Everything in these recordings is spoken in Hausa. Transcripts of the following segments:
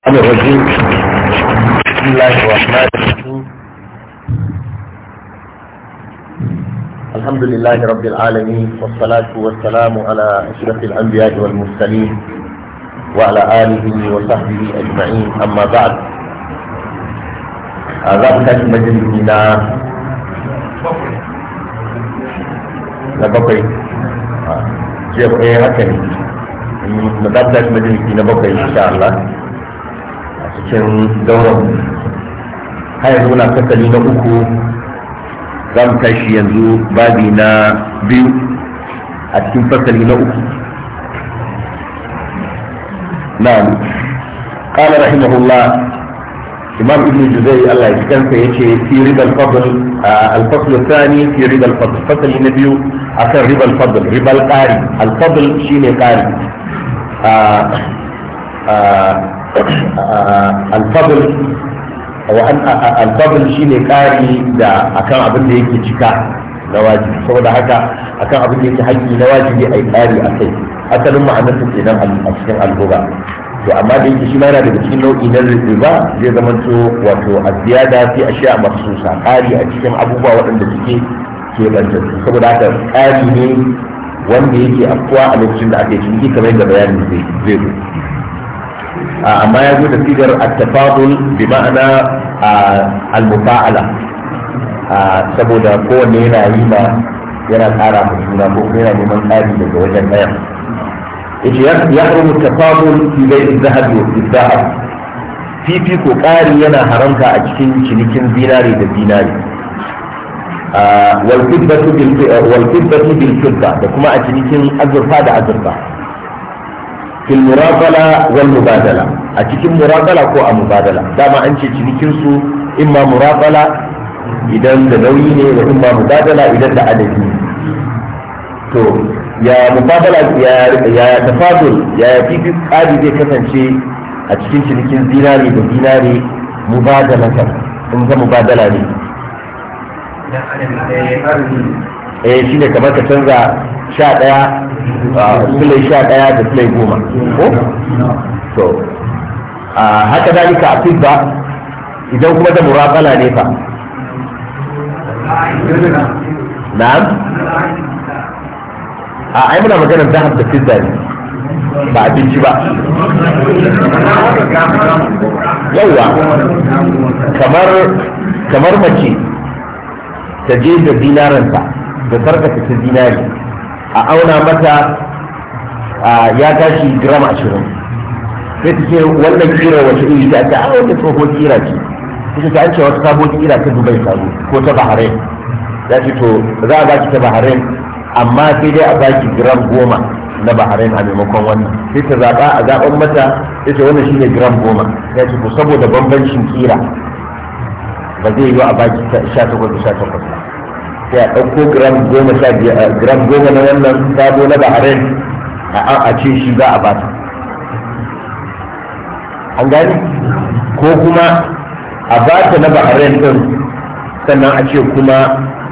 الرحمن الرحيم بسم الله الرحمن الرحيم الحمد لله رب العالمين والصلاة والسلام على أشرف الأنبياء والمرسلين وعلى آله وصحبه أجمعين أما بعد ذلك مجلسنا na bakwai jiya bakwai haka ne na mجلسنا bakwai insha cikin dauran har yanzu na fasali na uku za mu tashi yanzu babi na biyu a cikin fasali na uku na'am qala rahimahullah imam ibn juzai Allah ya kansa yace fi riba al-fadl al-fasl thani fi riba al-fadl fasali na biyu akan riba al-fadl riba al-qari al-fadl shine qari alfadl alfadl shi ne ƙari da akan abin da yake cika na wajibi saboda haka akan abin da yake haƙƙi na wajibi a yi ƙari a kai asalin ma'anar ta kenan a cikin alhuba to amma da yake shi ma yana daga cikin nau'i na riba zai zama to wato aziyada fi ashiya mahsusa ƙari a cikin abubuwa waɗanda suke keɓantattu saboda haka ƙari ne wanda yake afkuwa a lokacin da ake ciniki kamar yadda bayanin zai zo amma ya zo da sigar at-tafadul bi ma'ana al-mufa'ala saboda kowanne yana yi ma yana tsara mu juna ko yana neman tsari daga wajen ɗaya yace ya haramu tafadul fi bai'i zahabi wa fidda'a fifi ko ƙari yana haramta a cikin cinikin zinare da zinare wal fiddatu bil da kuma a cinikin azurfa da azurfa fil muraqala wal mubadala a cikin muraqala ko a mubadala dama an ce cinikin su imma muraqala idan da nauyi ne wa imma mubadala idan da adadi to ya mubadala ya ya tafadul ya fifi zai kasance a cikin cinikin zinari da ne eh ne kamar ka canza sha ɗaya sulai sha ɗaya da sulai goma ko to haka zalika a fidda idan kuma da murabala ne fa na'am a ai muna maganar zahab da fidda ne ba abinci ba yawa kamar kamar mace ta je da dinaranta da sarkata ta dinari a auna mata ya tashi gram ashirin sai ta ce wannan kira wace iri ta an ah, wanda tsohon kira ce ta ce an ce wata sabon kira ta dubai sabo ko ta bahrain ya ce to za a baki ta bahrain amma sai dai a baki gram goma na bahrain a maimakon wannan sai ta zaɓa a zaɓen mata ya ce wannan shine gram goma ya ce to saboda bambancin kira ba zai yi a baki sha takwas da sha takwas sai a ɗauko gram goma sha biyar eh, gram goma na wannan sabo na bahrain a ce shi za a ba ta an gani ko kuma a ba ta na bahrain ɗin sannan a ce kuma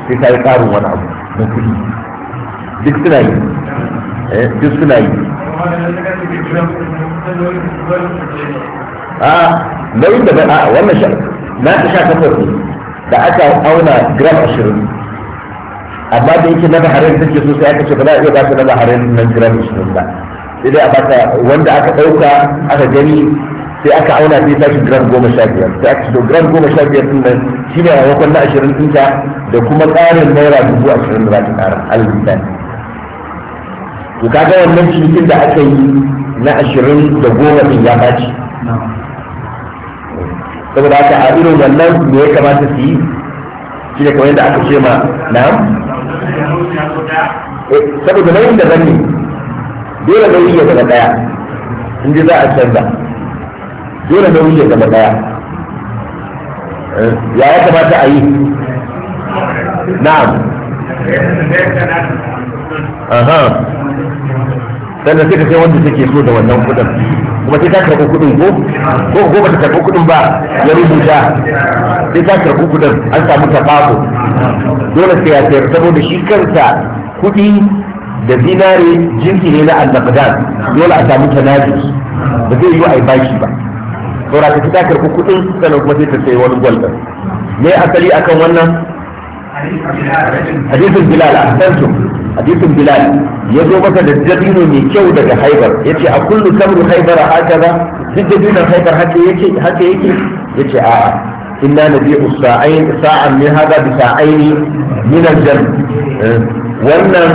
sai ta yi ƙarin wani abu na kuɗi duk suna yi eh, duk suna yi a nauyin da ba a wannan shan na ta sha takwas da aka auna gram ashirin amma da yake na baharin take so sai aka ce ba za a iya ba su na zaharin nan da shirin ba sai dai a baka wanda aka ɗauka aka gani sai aka auna sai tashi gram goma sha biyar sai aka ce gram goma sha biyar ɗin nan shi ne a na ashirin ɗinta da kuma tsarin naira dubu ashirin da za ta ƙara alhamdulillah to kaga wannan cikin da aka yi na ashirin da goma ɗin ya ɓaci saboda haka a irin wannan me ya kamata su yi shi ne kamar yadda aka ce ma na'am Eh, saboda nauyin da zan yi dole nauyi ya zama daya in ji za a canza dole nauyi ya zama daya eh, ya ya kamata a yi na'am aha sannan suka sai wanda take so da wannan kudin kuma sai ta karɓi kuɗin ko ko ko ba ta karɓi kuɗin ba ya rubuta sai ta karɓi kuɗin an samu tafako dole sai ya sayar saboda shi kansa kuɗi da zinare jinsi ne na annabdan dole a samu ta tanaji ba zai yi wa ai bashi ba saboda ka ta karɓi kuɗin sannan kuma sai ta sayi wani gwal ɗin me asali akan wannan hadisin bilal a hadisin bilal ya zo masa da dabino mai kyau daga haibar ya ce a kullu kamru haibar haka ba duk dabinon haibar haka yake haka yake ya ce a'a inna nabi'u sa'ain sa'an min hada bi sa'aini min al-jannah wannan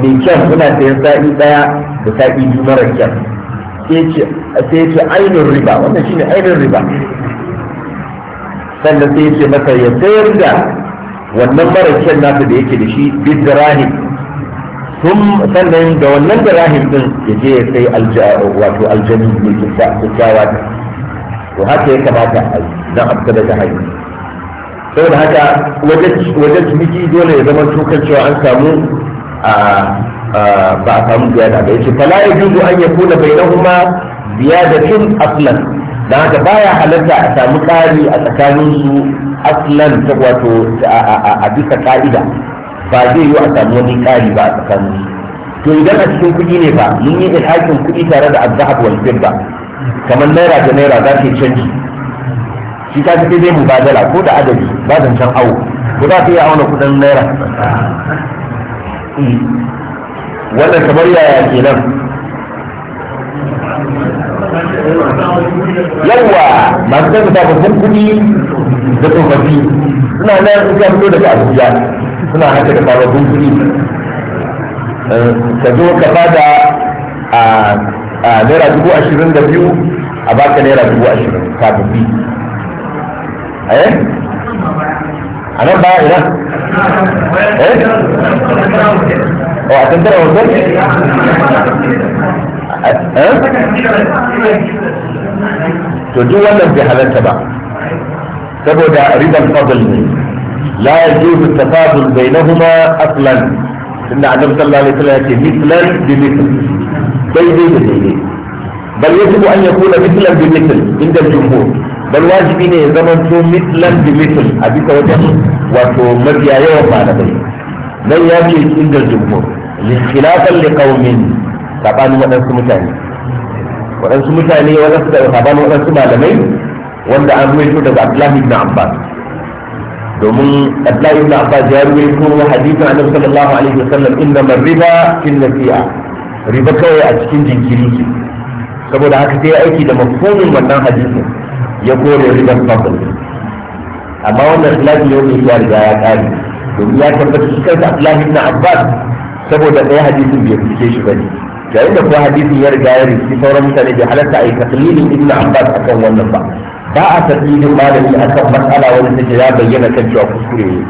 mai kyan muna sayan sa'i daya da sa'i biyu mara kyan sai ya ce ainin riba wannan shine ainin riba sannan sai ya ce masa ya sayar da wannan mara kyan nasa da yake da shi bid dirahim sannan da wannan dirahim din ya je ya sai wato aljani mai kyakkyawa ta to haka ya kamata a yi don a fita daga hanyar saboda haka wajen ciniki dole ya zama tukar cewa an samu ba a samu ziyada ba yace fala ya juzu an ya kuna bainahuma ziyadatin aslan da haka baya halatta a samu ƙari a tsakaninsu. aslan ta wato a bisa ka'ida ba zai yi a samu wani ƙari ba a tsakanin to idan a cikin kuɗi ne ba mun yi ilhakin kuɗi tare da azhab wal fidda kamar naira da naira za ta canji shi ta fi zai mu mubadala ko da adadi ba can awo ko za ta iya auna kuɗin naira hmm. wannan kamar yaya kenan yawwa masu kan da babban kuɗi da tsofaffi suna nan suka fito daga abuja suna haka da sababbin kuɗi eh, ka zo ka bada a naira dubu ashirin da biyu a baka naira dubu ashirin sababbi eh a nan ba ina eh oh, a tantar hotel to duk wannan bai halarta ba saboda ribar fadl ne la yajuzu tafadul bainahuma aslan tunda annabi sallallahu alaihi wasallam yake mislan bi misl daidai da daidai bal yajibu an yakuna mislan bi misl inda jumhur bal wajibi ne ya zama to mislan bi misl a bisa wajen wato mabiya yawan malamai nan ya ce inda jumhur li khilafan li qaumin sabanin waɗansu mutane waɗansu mutane waɗansu da sabanin waɗansu malamai wanda an ruwaito daga Abdullahi ibn Abbas domin Abdullahi ibn Abbas ya ruwaito hadisin Annabi sallallahu alaihi wa wasallam inna marriba fil nasi'a riba kawai a cikin jinkiri saboda haka sai aiki da mafhumin wannan hadisin ya kore ribar fadl amma wannan khilafi ne wanda ya riga ya kare domin ya tabbata shi kansa Abdullahi ibn Abbas saboda ɗaya hadisin bai fice shi ba ne. yayin da ko hadisin ya riga ya rikici sauran mutane bai halatta a yi taklidin ibn abbas akan wannan ba ba a taklidin malami akan matsala wanda take ya bayyana kan cewa kuskure ne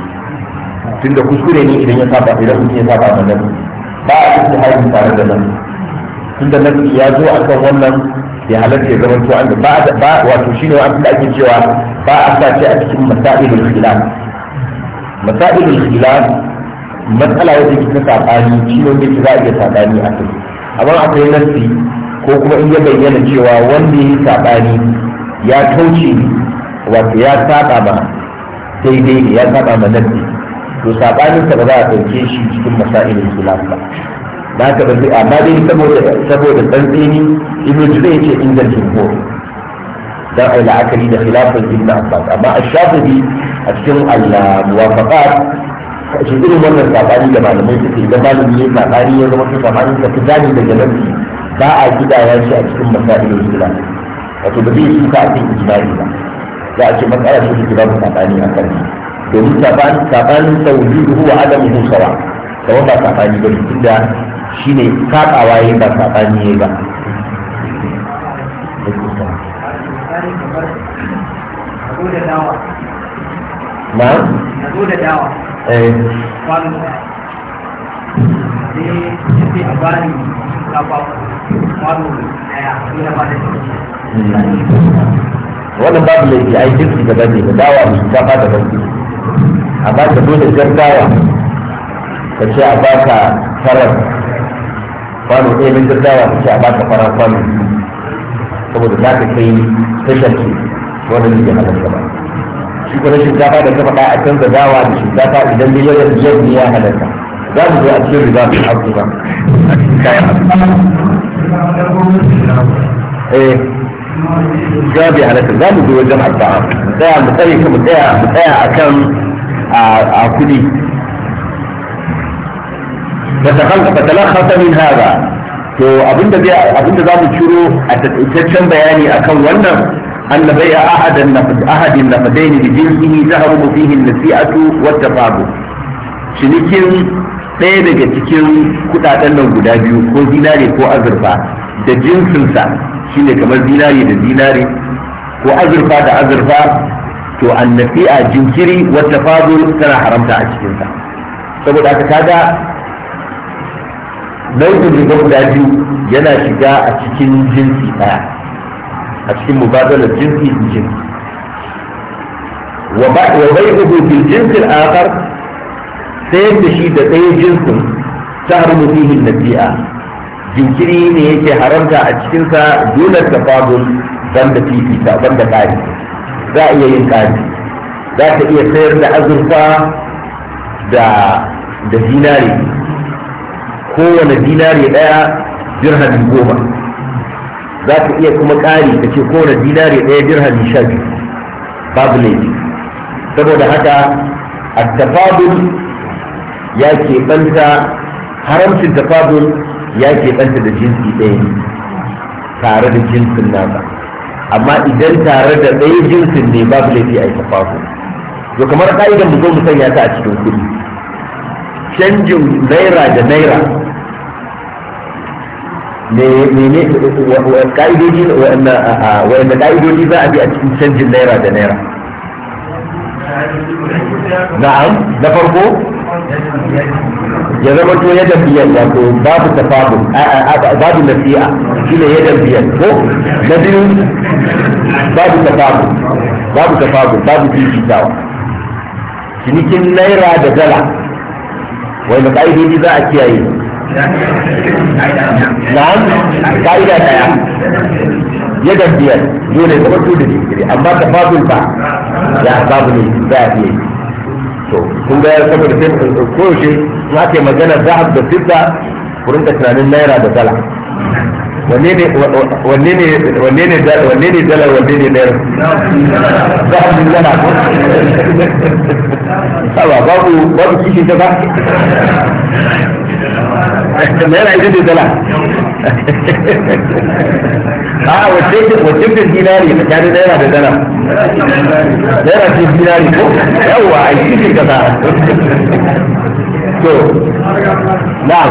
tunda kuskure ne idan ya saba idan mutum ya saba da nabi ba a cikin harin tare da nabi tunda nabi ya zo akan wannan ya halatta ya zama to an ba ba wato shine wa abin da ake cewa ba a sa shi a cikin masailul khilaf masailul khilaf matsala wanda ke ta sabani shi ne wanda za a iya sabani a kai amma akwai nassi ko kuma in ya bayyana cewa wanda ya yi saɓani ya kauce wato ya saɓa ma daidai ne ya saɓa ma nassi to saɓaninsa ba za a ɗauke shi cikin masailin islam ba na ka ba amma dai saboda saboda tsantseni ibnu jubayr ce ingancin ko dan ai la'akari da khilafin ibn abbas amma ash-shafi'i a cikin al-muwafaqat shi irin wannan sabani da malamai suke da malami ne sabani ya zama sabani da tijani da jalabi ba a gidaya shi a cikin masailul islam wato da zai shuka a cikin ijma'i ba za a ce matsala ce da kira sabani a kan domin sabani sabanin tauhidu wa adamu husawa da wanda sabani ba shi ne, sabawa yayin ba sabani yayin ba na? Na zo da dawa. eh wannan babu laifi a yi jirgi da bane da dawa mai shinkafa da bane a ba ta dole jar dawa ka ce a ba ka farar kwano ɗaya na jar dawa ka ce a ba ka farar kwano saboda za ka kai tashar ce wannan ne ke halarta ba shi kuma shinkafa da ka faɗa a canza dawa da shinkafa idan dai yau da yau ya halatta za mu zo a cikin riba mai haku ba eh za mu halatta za mu zo wajen arba'a mu tsaya mu tsare mu tsaya mu tsaya kan a kuɗi فتلخص من هذا to abinda zai abinda zamu ciro a taƙaitaccen bayani akan wannan أن بيع أحد النفد أحد النفدين بجنسه تهرم فيه النسيئة والتفاضل شنكين ɗaya daga cikin kuɗaɗen nan guda biyu ko zinare ko azurfa da jinsinsa shine kamar zinare da zinare ko azurfa da azurfa to a jinkiri wata fadul tana haramta a cikinsa saboda aka kaga nau'in riba guda biyu yana shiga a cikin jinsi ɗaya a cikin mubadalar jinsi da jinsi wa bai'uhu bil jinsi akhar sayar da shi da ɗaya jinsin ta harmu fihi nabi'a jinkiri ne yake haramta a cikin sa dole tafadul banda fifita da kari za a iya yin kari za ta iya sayar da azurfa da da dinari kowane dinari ɗaya dirhami goma za ka iya kuma ƙari da ce kowane dinari ɗaya dirhami sha biyu babu laifi saboda haka a tafadul ya keɓanta haramcin tafadul ya keɓanta da jinsi ɗaya tare da jinsin nasa amma idan tare da ɗaya jinsin ne babu laifi a yi tafadul to kamar ka'idan mu zo mu sanya ta a cikin kuɗi canjin naira da naira ƙa'idojin wa'anda ƙa'idoji za a bi a cikin canjin naira da naira na'am na farko ya zama to yadda biyan wato babu tafabu babu nasi'a shi ne yadda biyan ko na biyu babu tafabu babu tafabu babu fifitawa cinikin naira da dala wanda ƙa'idoji za a kiyaye نعم قاعدة يا نعم. يدب بيان دولي تبقى تودي تجري أما تفاضل با يا أحبابني بابي تو كون دا يسبر سيد الكوشي لكي ما جانا زعب دا سيدا فرنك ترانين نايرا naira ita ce dala a wace wace ce dinari ta kari naira da dala naira ce dinari ko yawa a yi ce kasa to na'am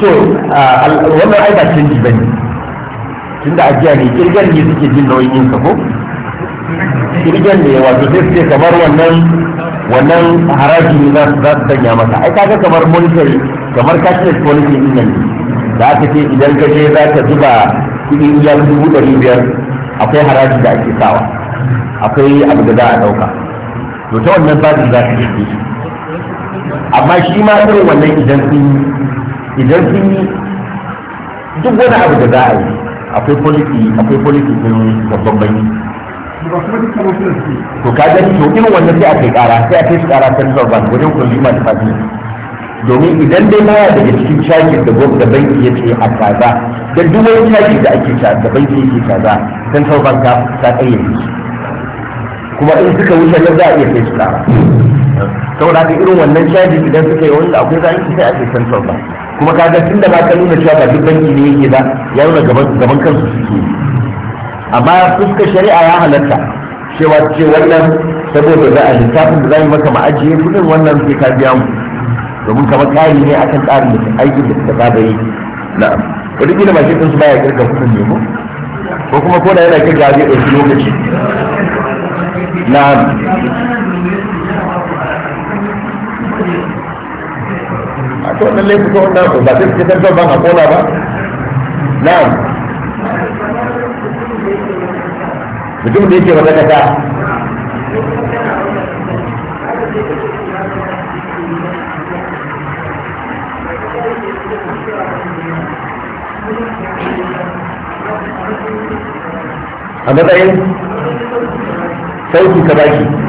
to wannan ai ba canji ba ne tun da ajiya ne kirgan ne suke jin nauyin yin ko kirgan ne wato sai suke kamar wannan wannan haraji ne za su sanya maka ai kaga kamar monitoring kamar cashless policy din nan da aka ce idan ka je za ka zuba kudi iya dubu ɗari biyar akwai haraji da ake sawa akwai abu da za a ɗauka to ta wannan babin za su yi amma shi ma irin wannan idan sun idan sun yi duk wani abu da za a yi akwai policy akwai policy sun babban bai to ka ga to irin wannan sai a kai kara sai a kai su kara central bank wajen consumer department domin idan dai baya daga cikin cakin da da banki ya ce a kaza dan duk wani cakin da ake ta da banki yake kaza central bank ta kayyade shi kuma in suka wuce nan za a iya kai su kara saboda haka irin wannan caji idan suka yi wani akwai zai yi sai a kai central bank kuma kaga tun da ba ka nuna cewa ba duk banki ne yake da, ya nuna gaban kansu suke amma fuskar shari'a ya halatta cewa ce wannan saboda za a littafin da za mu maka ma'ajiye kudin wannan sai ka biya mu domin kamar ƙari ne akan tsarin da aikin da suka saba yi na'am wani kila mashin ɗinsu baya kirga kudin mu? ko kuma ko da yana kirga zai ɗauki lokaci na'am to wannan laifi ko ba sai ka san ban a kola ba na'am mutum da yake wata kasa a matsayin sauki ka baki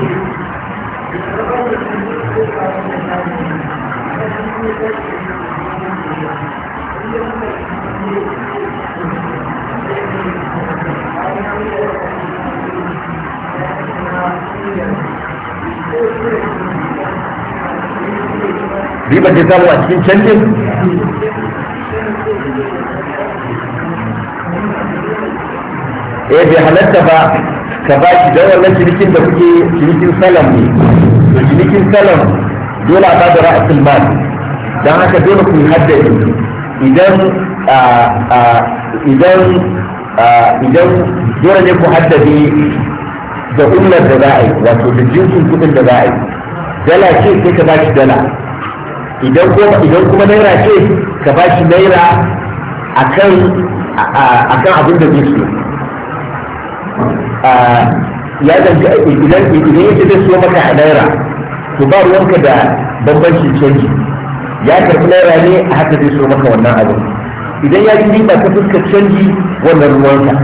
riba ta samu a cikin canjin eh bai halatta ba ka ba shi don wannan cinikin da kuke cinikin salam ne to cinikin salam dole a bada ra'asul mal don haka dole ku haddari idan idan idan dole ne ku haddade da umar da za a yi wato da jinsin kuɗin da za a yi dala ce sai ka ba shi dala idan kuma naira ce ka ba shi naira a kan abin da zai so ya zanci idan ya yake zai so maka a naira to ba ruwanka da bambancin canji ya karɓi naira ne a haka zai so maka wannan abin idan ya ci riba ta fuskar canji wannan ruwanka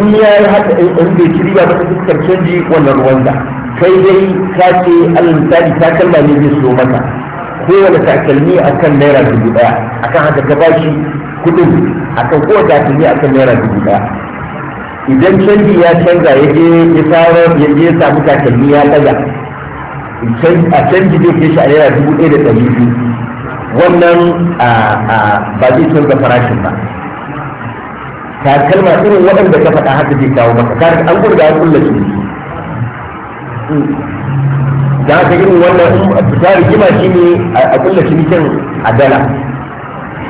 in ya yi haka in bai ci riba ta fuskar canji wannan ruwanka kai dai ka ce alal misali ta kalma ne zai so maka kowane takalmi a kan naira dubu ɗaya a kan haka ta bashi kuɗin a kan kowane takalmi a kan naira dubu ɗaya idan canji ya canza ya je ya tsaro ya je ya samu takalmi ya ɗaga a canji zai kai shi a naira dubu ɗaya da ɗari biyu wannan ba zai canza farashin ba takalma irin waɗanda ka faɗa haka zai kawo maka an gurga an kulla su hmm. da haka irin wannan fita rigima shi ne a kulla shi a dala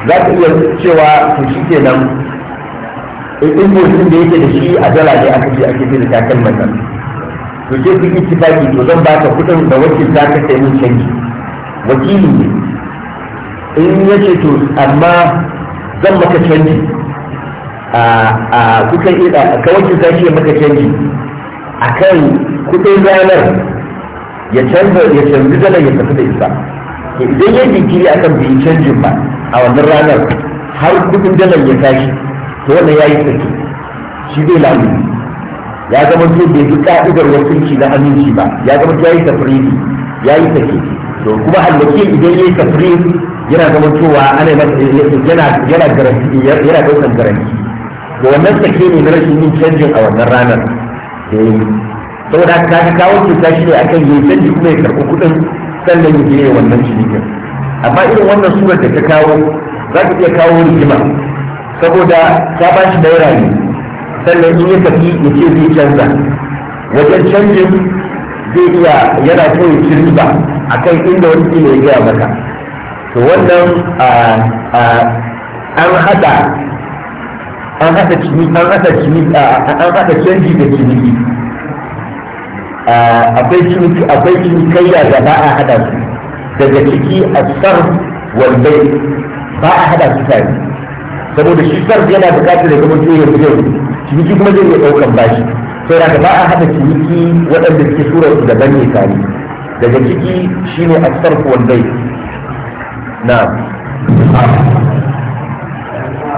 za ka iya cewa to shi ke nan invoicin da yake da shi a dala ne aka ce ake sai da kan mata to ke su yi tifaki to zan ba ka kudin da wakil za ka sai min canji wakili ne in ya ce to amma zan maka canji a kukan ida ka wakil za shi maka canji a kan kudin ranar ya canza ya canza dalar ya tafi da isa, to idan ya jinkiri akan biyu canjin ba a wannan ranar har kudin dalar ya tashi to wannan ya yi tsaki shi bai lamu ya zama to bai fi ka'idar wakilci na aminci ba ya zama ya yi tafriri ya yi tsaki to kuma alwakil idan ya yi tafriri yana zama cewa ana yana yana garanti yana daukan garanti to wannan tsaki ne na rashin yin canjin a wannan ranar da ya yi saboda ka ga kawo cuta shi ne akan yi canji kuma ya karɓi kuɗin sannan ya je wannan cinikin amma irin wannan surar da ta kawo za ka iya kawo rigima saboda ta ba shi naira ne sannan in ya tafi ya ce zai canza wajen canjin zai iya yana so ya ci riba kan inda wani kila ya gaya maka to wannan an haɗa an haɗa canji da ciniki akwai cinikayya da ba a hada su daga ciki a sar walbai ba a hada su tare saboda shi sar yana bukatar da zama ya fito ciniki kuma zai iya ɗaukan bashi sai da ba a hada ciniki waɗanda suke surar su daban ne tare daga ciki shine a sar walbai na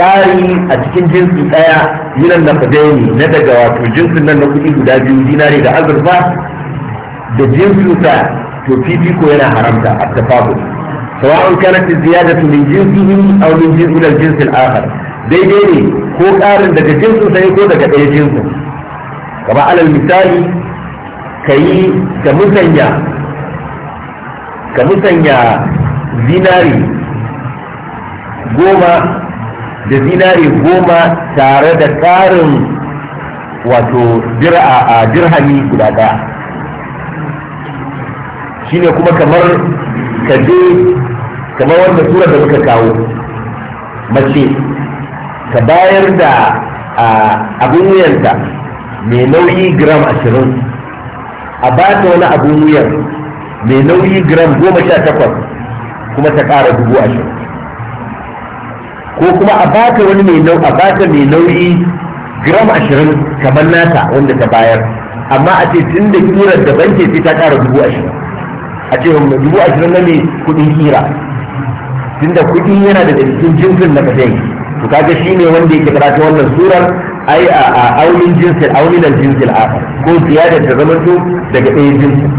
ƙari a cikin jinsi ɗaya yinan na fadaini na daga wato jinsin nan na kuɗi guda biyu dinari da azurfa da jinsinsa to fifiko yana haramta a tafahu sawa'un kanat ziyadatu min jinsihi aw min jinsi ila jinsi al-akhar daidai ne ko ƙarin daga jinsin sai ko daga ɗaya jinsin kamar alal misali kayi ka musanya ka musanya zinari goma da zinari goma tare da ƙarin wato dir'a a dirhami guda ɗaya ne kuma kamar kaje kamar wanda tura da muka kawo mace ka bayar da abin wuyanta mai nauyi gram ashirin a ba ta wani abin wuyan mai nauyi gram goma sha takwas kuma ta ƙara dubu ashirin ko kuma a baka wani mai nau a baka mai nauyi gram ashirin kamar nata wanda ta bayar amma a ce tun da kirar da banke sai ta kara dubu ashirin a ce dubu ashirin na ne kuɗin kira tun da kuɗi yana da cikin jinsin na kasai to kaga shi ne wanda yake karatu wannan surar ai a aunin jinsin auninan jinsin a ko ziyadar da zamanto daga ɗaya jinsin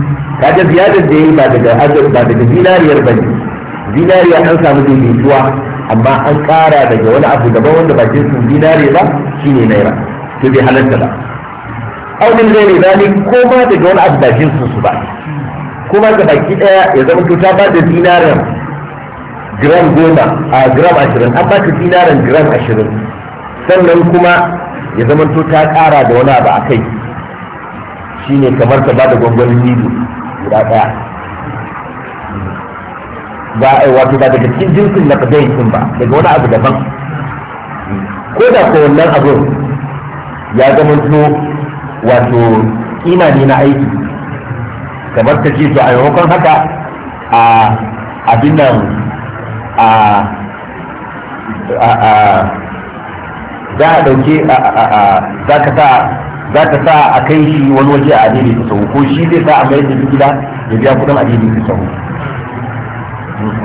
kaga ziyadar da ya yi ba daga zinariyar ba ne zinariya an samu daidaituwa amma an ƙara daga wani abu daban wanda ba jinsin dinare ba shine naira to bai halatta ba au min gairi zalik ko ma daga wani abu ba jinsin su ba kuma ga baki daya ya zama to ta ba da dinaran gram goma a gram ashirin an ba ta dinaran gram ashirin sannan kuma ya zama to ta ƙara da wani abu a kai shine kamar ta ba da gwangwani nido guda daya ba wato ba daga cikin jinsin na fadai sun ba daga wani abu daban ko da ko wannan abin ya zama to wato kima ne na aiki kamar ka ce to a maimakon haka a abin nan a za a ɗauke za ka sa za ka sa a kai shi wani waje a adini ta sauko ko shi zai sa a mayar da gida ya biya kudin adini ta sauko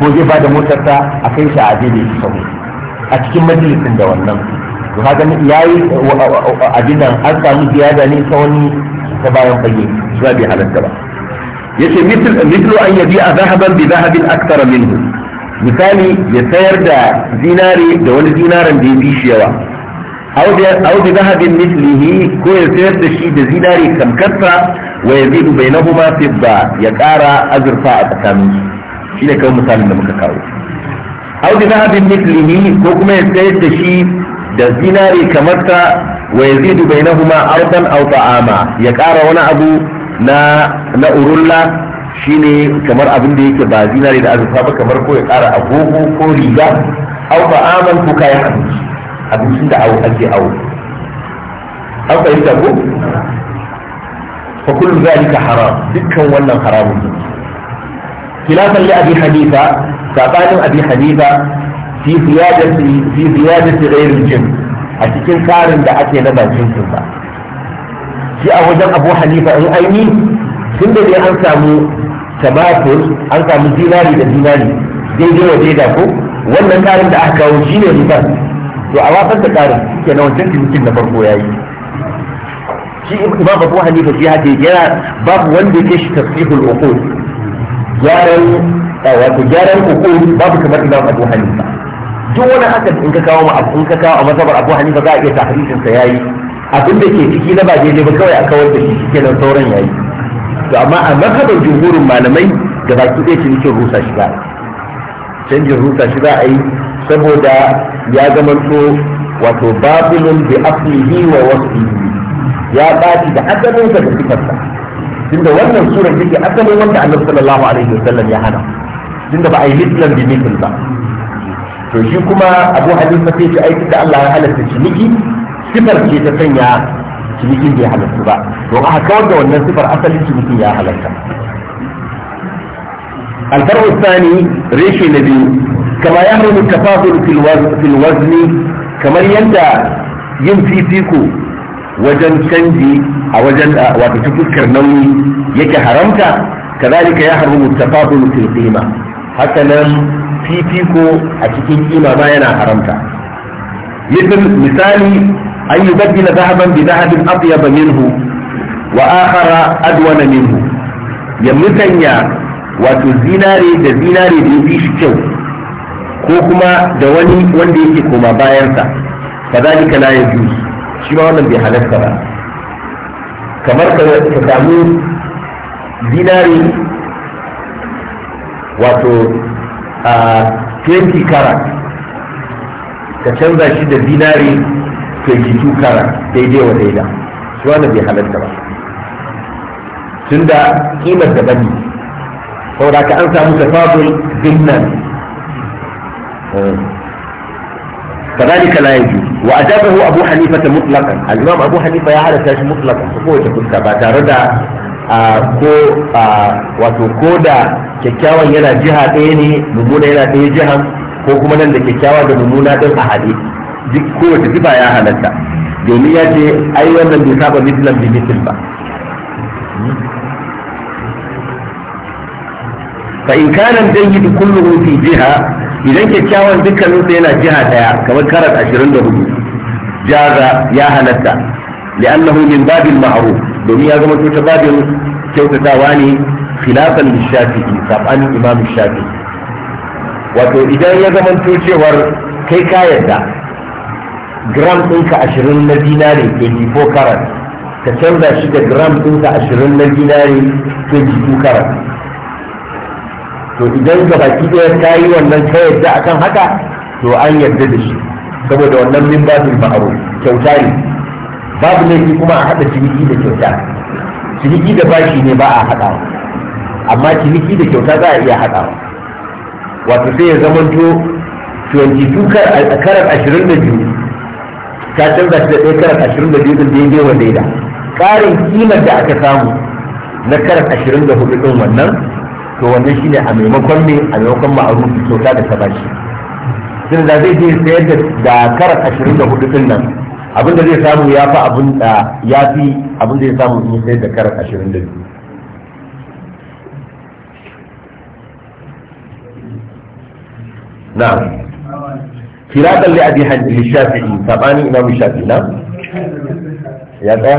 ko zai bada motarsa a kai shi a daidai shi sabo. a cikin majalisin da wannan to haka ya yi abin nan an samu ziyada ne ta wani ta bayan fage ba bai halatta ba ce mithlu an yabi a zahaban bi zahabin aktara minhu misali ya sayar da zinare da wani zinaren da ya fi shi yawa au bi zahabin mithlihi ko ya sayar da shi da zinare kamkarsa wa ya yazidu bainahuma fidda ya kara azurfa a tsakaninsu shine kawai misalin da muka kawo aw bi zahabin mithlihi ko kuma ya sayar da shi da zinari kamar ta wa yazidu bainahuma ardan aw ta'ama ya ƙara wani abu na na urulla shine kamar abin da yake ba zinari da azurfa ba kamar ko ya ƙara agogo ko riga aw ta'aman ko kayan abinci abincin da awo ake awo an fahimta ko fa kullu zalika haram dukkan wannan haramun ne خلافا لأبي حنيفة سابان أبي حنيفة في زيادة في زيادة غير الجن أتكين كارن دا اكي نبا جن سبا في أوجه أبو حنيفة الأيني سنبا دي أنسامو تماثل أنسامو ديناري دا ديناري دي دي ودي دا فو wannan karin da aka kawo shi ne ribar to a wasan da karin ke na wancan cinikin na farko ya yi shi imam abu hanifa shi haka yana babu wanda ya shi tafsihul uqul gyaran eh, wato gyaran uku babu kamar imam abu hanifa duk wani hakan in ka kawo ma in ka kawo a mazhabar abu hanifa za a iya tahririn sa yayi abin da ke ciki na ba daidai ba kawai a kawar da shi nan sauran yayi to amma a mazhabar jumhurin malamai da baki ɗaya cinikin rusa shi ba canjin rusa shi za a yi saboda ya zamanto wato babilun bi aslihi wa wasfihi ya ɓaci da asalinsa da sifarsa tunda wannan surar yake asalin wanda annabi sallallahu alaihi wasallam ya hana tunda ba a yi mislan bi misl ba to shi kuma abu hanifa sai ce aiki da Allah ya halatta ciniki sifar ce ta sanya cinikin bai halatta ba to aka kawar da wannan sifar asalin cinikin ya halatta الفرع الثاني ريش النبي كما يحرم التفاضل في الوزن, في الوزن كما يندى yin fifiko wajen canji a wajen wato ta fuskar nauyi yake haramta kazalika ya haru tafadul fil qima haka nan fifiko a cikin kima ma yana haramta misal misali an na dhahaban bi dhahabin atyab minhu wa akhara adwana minhu ya mutanya wato zinare da zinare da yafi shi kyau ko kuma da wani wanda yake koma bayansa kazalika la yajuz shi ma wannan bai halatta ba kamar ka samu dinari wato a 20 karat ka canza shi da dinari 22 karat daidai wa daida shi wannan bai halatta ba tun da kimar da bane saboda ka an samu tafadul dinnan eh. فذلك لا يجوز وأجابه أبو حنيفة مطلقا الإمام أبو حنيفة يا هذا شيء مطلقا فقوة تفسك بعد ردا ko wato ko da kyakkyawan yana jiha ɗaya ne mummuna yana ɗaya jihan ko kuma nan da kyakkyawa da mummuna ɗin a haɗe duk kowace zuba ya halatta domin ya ce ai wannan bai saba mislan bi mislan ba fa in kana jayyid kulluhu fi jiha idan kyakkyawan dukkanin sa yana jiha daya kamar karat 24 jaza ya halatta li'annahu min babil ma'ruf domin ya zama to babin kyautatawa ne khilafan lishafi'i sabanin imam shafi'i wato idan ya zama to cewar kai ka yadda gram ɗinka ashirin na dinari 24 karat ka canza shi da gram ɗinka ashirin na dinari ke karat to idan gabaki ɗaya ta yi wannan ta yadda akan haka to an yarda da shi saboda wannan min babin ma'aru kyauta ne babu laifi kuma a haɗa ciniki da kyauta ciniki da bashi ne ba a haɗawa amma ciniki da kyauta za a iya haɗawa wato sai ya zamanto 22 karar 22 ta canza shi da ɗaya karar 22 ɗin daidai wa daida ƙarin kimar da aka samu na karar 24 ɗin wannan to shi ne a maimakon ne a maimakon ma'arufi kyauta da ta bashi sai da zai je sayar da dakar ashirin da hudu din nan abin da zai samu ya fi abin da ya fi abin da ya samu sun sayar da karar ashirin da biyu na'am firadan li abi hajji shafi'i sabani imamu shafi'i na ya tsaya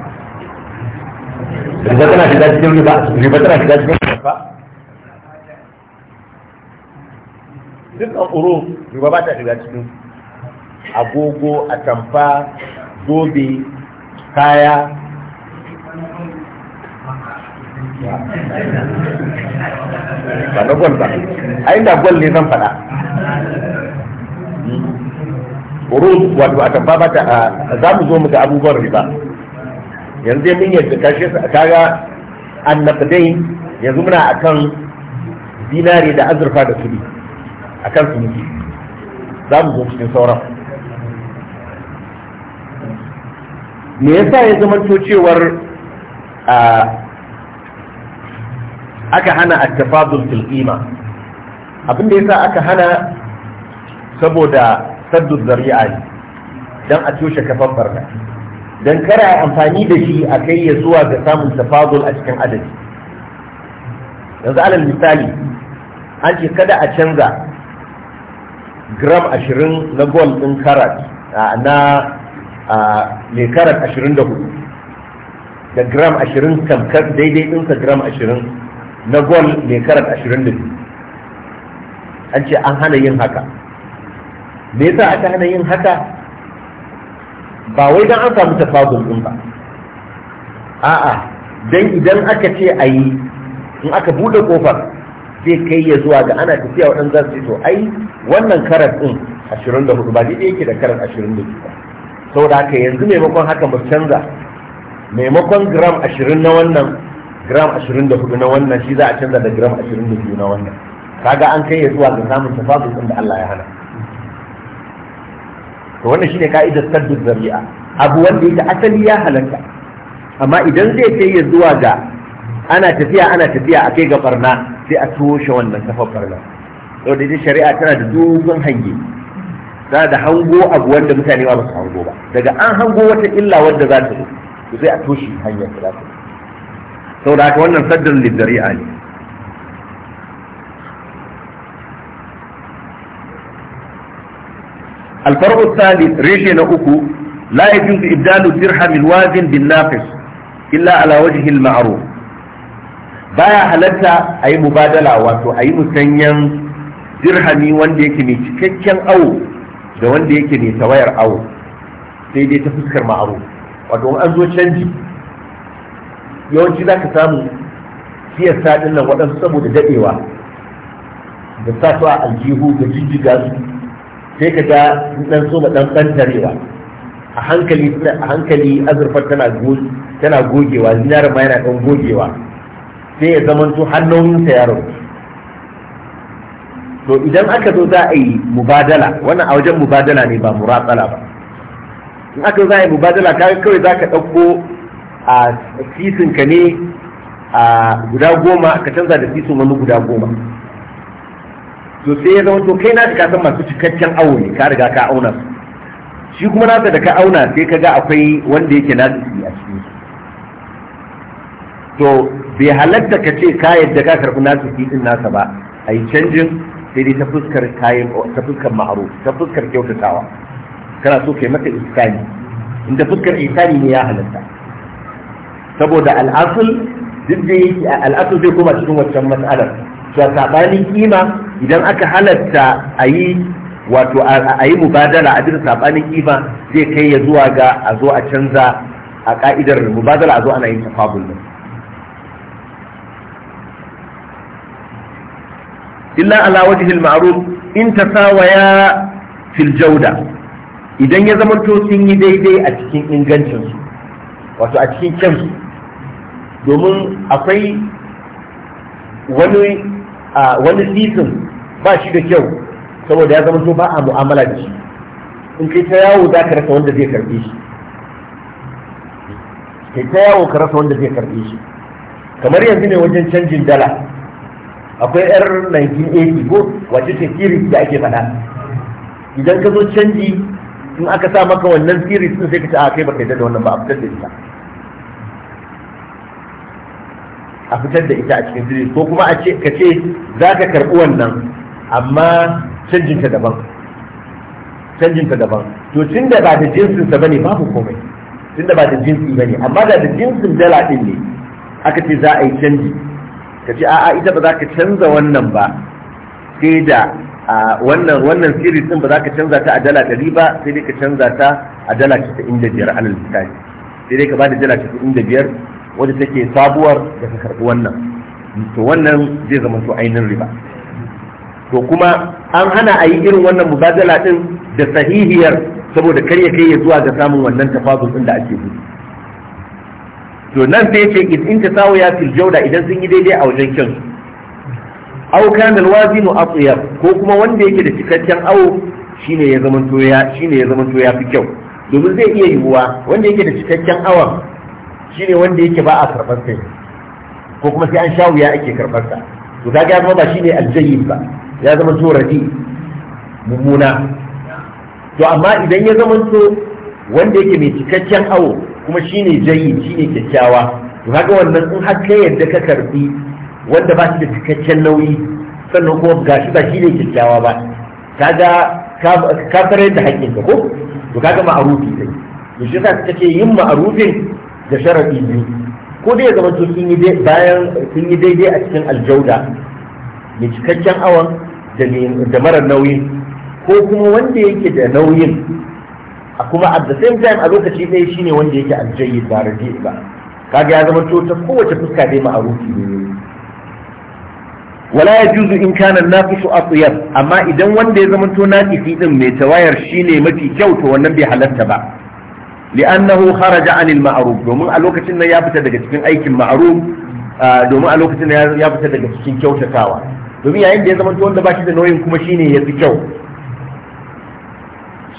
riba tana shiga cikin riba riba tana shiga cikin riba dukkan tsoro riba ba ta shiga cikin agogo atamfa zobe kaya ba na gwal ba a inda gwal ne zan faɗa urus wato a tamfa ba ta za mu zo mu ga abubuwan riba yanzu dai mun yadda kashe kaga annabdai yanzu muna akan dinari da azurfa da kudi akan su muke za mu zo cikin sauran me yasa ya zamanto cewar aka hana attafadul fil qima abin da yasa aka hana saboda saddu zari'a dan a toshe kafan don kara amfani da shi a kai ya zuwa ga samun tafadul a cikin adadi yanzu alal misali an ce kada a canza gram ashirin na gold ɗin karat na mai karat ashirin da hudu da gram ashirin tamkar daidai ka gram ashirin na gold mai karat ashirin da an ce an hana yin haka me yasa aka hana yin haka ba wai dan an samu tafadul din ba a'a dan idan aka ce ayi in aka bude kofar zai kai ya zuwa ga ana tafiya waɗanda za su to ai wannan karat din 24 ba daidai yake da karat 22 ba saboda haka yanzu maimakon haka mu canza maimakon gram 20 na wannan gram 24 na wannan shi za a canza da gram 22 na wannan kaga an kai ya zuwa ga samun tafadul din da Allah ya hana to wannan shine ka'idar saddu zari'a abu wanda yake asali ya halarta. amma idan zai kai ya zuwa ga ana tafiya ana tafiya a kai ga barna sai a toshe wannan kafar barna yau da shari'a tana da dogon hange tana da hango abu wanda mutane ba su hango ba daga an hango wata illa wanda za ta zo sai a toshe hanyar da za ta zo saboda wannan saddar lizzari'a ne الفرع الثالث ريشي نأكو لا يجوز إبدال الدرهم الوازن بالناقص إلا على وجه المعروف baya halarta a yi mubadala wato a yi musanyan dirhami wanda yake mai cikakken awo da wanda yake mai tawayar awo sai dai ta fuskar ma'aro wato an zo canji yawanci za ka samu siyasa ɗin nan waɗansu saboda daɗewa da sa su a aljihu ga jijjiga sai ka ga dan so dan bantarewa a hankali a hankali azurfar tana goge tana gogewa zinarin ma yana dan gogewa sai ya to hannun sa ya to idan aka zo za a yi mubadala wannan a wajen mubadala ne ba muratsala ba in aka zo za a yi mubadala kawai kawai za ka ɗauko a sisin ka ne a guda goma ka canza da sisin wani guda goma to sai ya zama to kai na ka san masu cikakken awo ne ka riga ka auna su shi kuma nasa da ka auna sai ka ga akwai wanda yake nazisi a cikin to bai halatta ka ce ka yadda ka karɓi nazisi din nasa ba a yi canjin sai dai ta fuskar kayan ta fuskar ma'aru ta fuskar kyautatawa kana so kai mata isani inda fuskar isani ne ya halatta saboda al'asul duk da yake al'asul zai koma cikin wancan mas'alar to saɓanin kima idan aka halatta a yi wato a yi mubadala a bisa sabanin kima, zai kai ya zuwa ga a zo a canza a ka'idar mubadala a zo ana yin tafabul ne illa ala wajhil ma'ruf in tasawaya fil jawda idan ya zama sun yi daidai a cikin ingancin su wato a cikin su domin akwai wani wani season ba shi da kyau saboda ya zama so ba a mu'amala da shi in kai ta yawo za ka rasa wanda zai karbe shi kai ta yawo ka rasa wanda zai karbe shi kamar yanzu ne wajen canjin dala akwai yar 1980 ko wace ce series da ake faɗa idan ka zo canji in aka sa maka wannan series din sai ka ce a kai baka yadda da wannan ba a fitar da ita a fitar da ita a cikin series ko kuma a ce ka ce za ka karɓi wannan amma canjinta daban canjinta daban to tun da ba da jinsinsa bane babu komai tun da ba da jinsi bane amma da da jinsin dala din ne aka ce za a yi canji ka ce a'a ita ba za ka canza wannan ba sai da wannan wannan series din ba za ka canza ta a dala ɗari ba sai dai ka canza ta a dala casa'in da biyar alal misali sai dai ka ba da dala casa'in da biyar wadda take sabuwar da ka karɓi wannan to wannan zai zama to ainihin riba to kuma an hana a yi irin wannan mubadala din da sahihiyar saboda kar ya kai ya zuwa ga samun wannan tafazul din da ake yi to nan sai yace iz in sawo ya fil jawda idan sun yi daidai a wajen kyan aw kana alwazinu atyab ko kuma wanda yake da cikakken awo shine ya to ya shine ya to ya fi kyau domin zai iya yiwuwa wanda yake da cikakken awon shine wanda yake ba a karɓar sai ko kuma sai an sha wuya ake karɓar sa to kaga ya zama ba shine aljayyib ba ya zama to radi mummuna to amma idan ya zama to wanda yake mai cikakken awo kuma shine jayi shine kyakkyawa to haka wannan in har ka yadda ka karbi wanda ba shi da cikakken nauyi sannan kuma ga shi ba shine kyakkyawa ba kaga ka fara da haƙƙinka ko to kaga ma'arufi kai to shi yasa take yin ma'arufin da sharadi biyu ko dai ya zama to sun yi bayan sun yi daidai a cikin aljauda mai cikakken awon da marar nauyin ko kuma wanda yake da nauyin a kuma at the same time a lokaci ɗaya shine wanda yake aljayi ba raji ba kaga ya zama ta kowace fuska dai ma'arufi ne wala ya juzu in kana naqisu atyab amma idan wanda ya zama to naqisi din mai tawayar shine mafi kyau to wannan bai halatta ba li'annahu kharaja anil ma'ruf domin a lokacin nan ya fita daga cikin aikin ma'ruf domin a lokacin nan ya fita daga cikin kyautatawa domin yayin da ya zama wanda ba shi da nauyin kuma shine ya fi kyau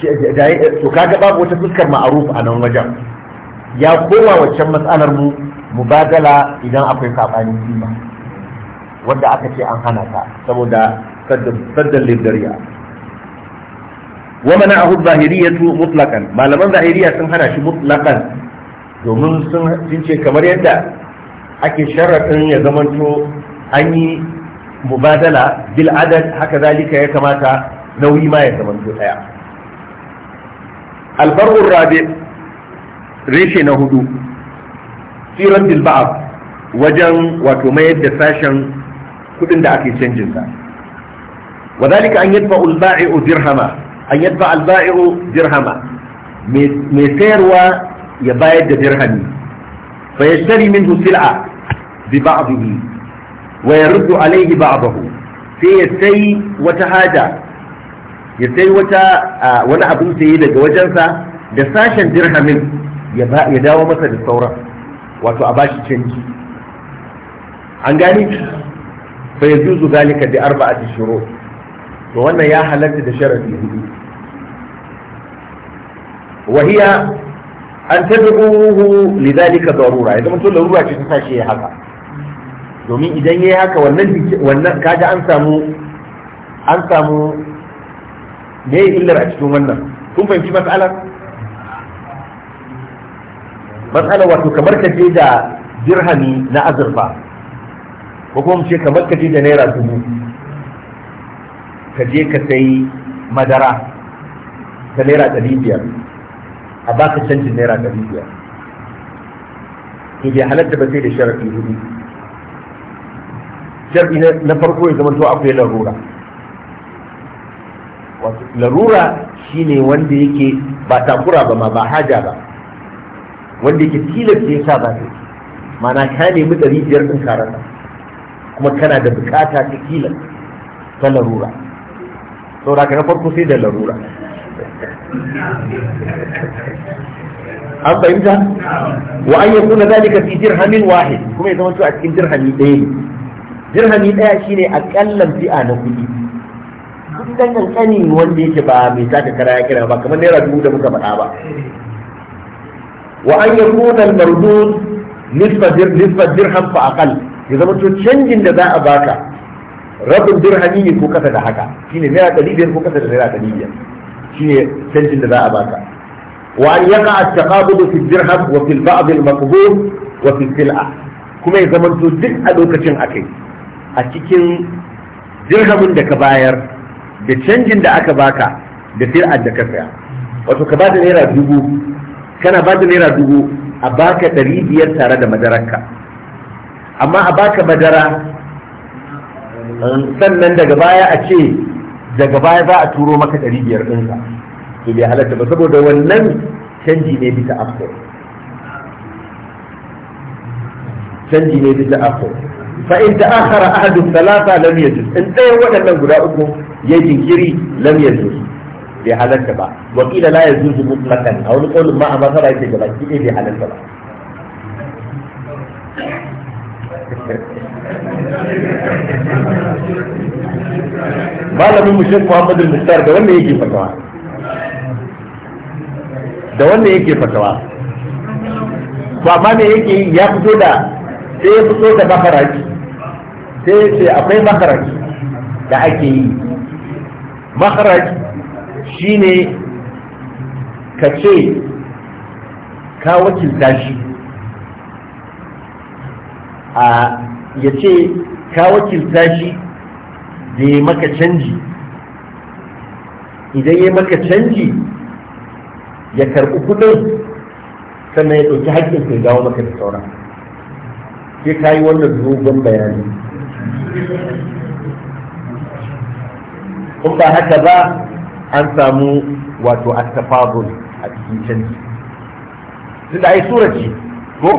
to kaga babu wata fuskar ma'aruf a nan wajen ya koma waccan matsalar mu mubadala idan akwai sabanin kima wanda aka ce an hana ta saboda saddan lidariya wa mana'ahu zahiriyatu mutlaqan malaman zahiriya sun hana shi mutlaqan domin sun ce kamar yadda ake sharaɗin ya zamanto an yi mubadala bil adad haka zalika ya kamata nauyi ma ya zama daya albarun rabi reshe na hudu tsiran bilba'ab wajen wato mayar da sashen kudin da ake canjin sa wadalika an yadfa al dirhama an dirhama mai sayarwa ya bayar da dirhami fa yashtari minhu sil'a bi ba'dihi wa yaruddu alaihi ba'dahu sai ya sai wata haja ya sai wata wani abin saye daga wajensa da sashen dirhamin ya dawo masa da sauran wato a bashi canji an gani fa yajuzu zalika bi arba'ati shiro. to wannan ya halatta da sharadi hudu wahiya an tad'uhu lidhalika darura idan mutum larura ce ta sashi ya haka domin idan ya yi haka wannan kaga an samu an samu me illar a cikin wannan kun fahimci matsalar matsalar wato kamar ka je da dirhami na azurfa ko kuma mu ce kamar ka je da naira dubu ka je ka sai madara ta naira ɗari biyar a baka canjin naira ɗari biyar to bai halatta ba sai da sharafi hudu shar'i na farko ya to akwai larura wato larura shine wanda yake ba takura ba ma ba haja ba wanda yake tilasta ya sa ba ta mana ka nemi ɗari biyar ɗin karanta kuma kana da bukata ta tilasta ta larura saboda ka na farko sai da larura an fahimta wa an yakuna zalika fi dirhamin wahid kuma ya zama a cikin dirhami ɗaya ne dirhami daya shine akallan fi'a na kudi kun dan kankani wanda yake ba mai saka kara ya kira ba kamar naira dubu da muka faɗa ba wa an yakuna al-mardud nisfa dirham fa aqal ya zama to canjin da za a baka rabin dirhami ne ko kasa da haka shine naira ɗari biyar ko kasa da naira ɗari biyar shine canjin da za a baka wa an yaqa at-taqabud fi dirham wa fi al-ba'd al-maqbud wa fi al-sil'a kuma ya zama to duk a lokacin akai a cikin dirhamin da ka bayar da canjin da aka baka da fir'ar da ka saya wato ka bada naira dubu kana bada naira dubu a baka ɗari biyar tare da madararka amma a baka madara sannan daga baya a ce daga baya za a turo maka ɗari biyar ɗinka to bai halatta ba saboda wannan canji ne bisa afko canji ne bisa afko fa in ta'akhara ahadu thalatha lam yajuz in ɗayan waɗannan guda uku ya jinkiri lam yajuz bai halarta ba wa kila la yajuz mutlaqan a wani kaulin ma a masara yake gaba ki bai halarta ba malamin mushrik muhammadu mustar da wannan yake fatawa da wannan yake fatawa to amma me yake ya fito da sai ya fito da bakaraci sai ce akwai makaraj da ake yi makaraj shine ka ce ka wakilta a ya ce ka wakilta da ya maka canji idan ya maka canji ya karɓi kuɗin sannan ya ɗauki haƙƙin ya dawo maka da saura sai kayi yi wannan dogon bayani in ba haka ba an samu wato tafazul a cikin canji tunda ai sura ce ko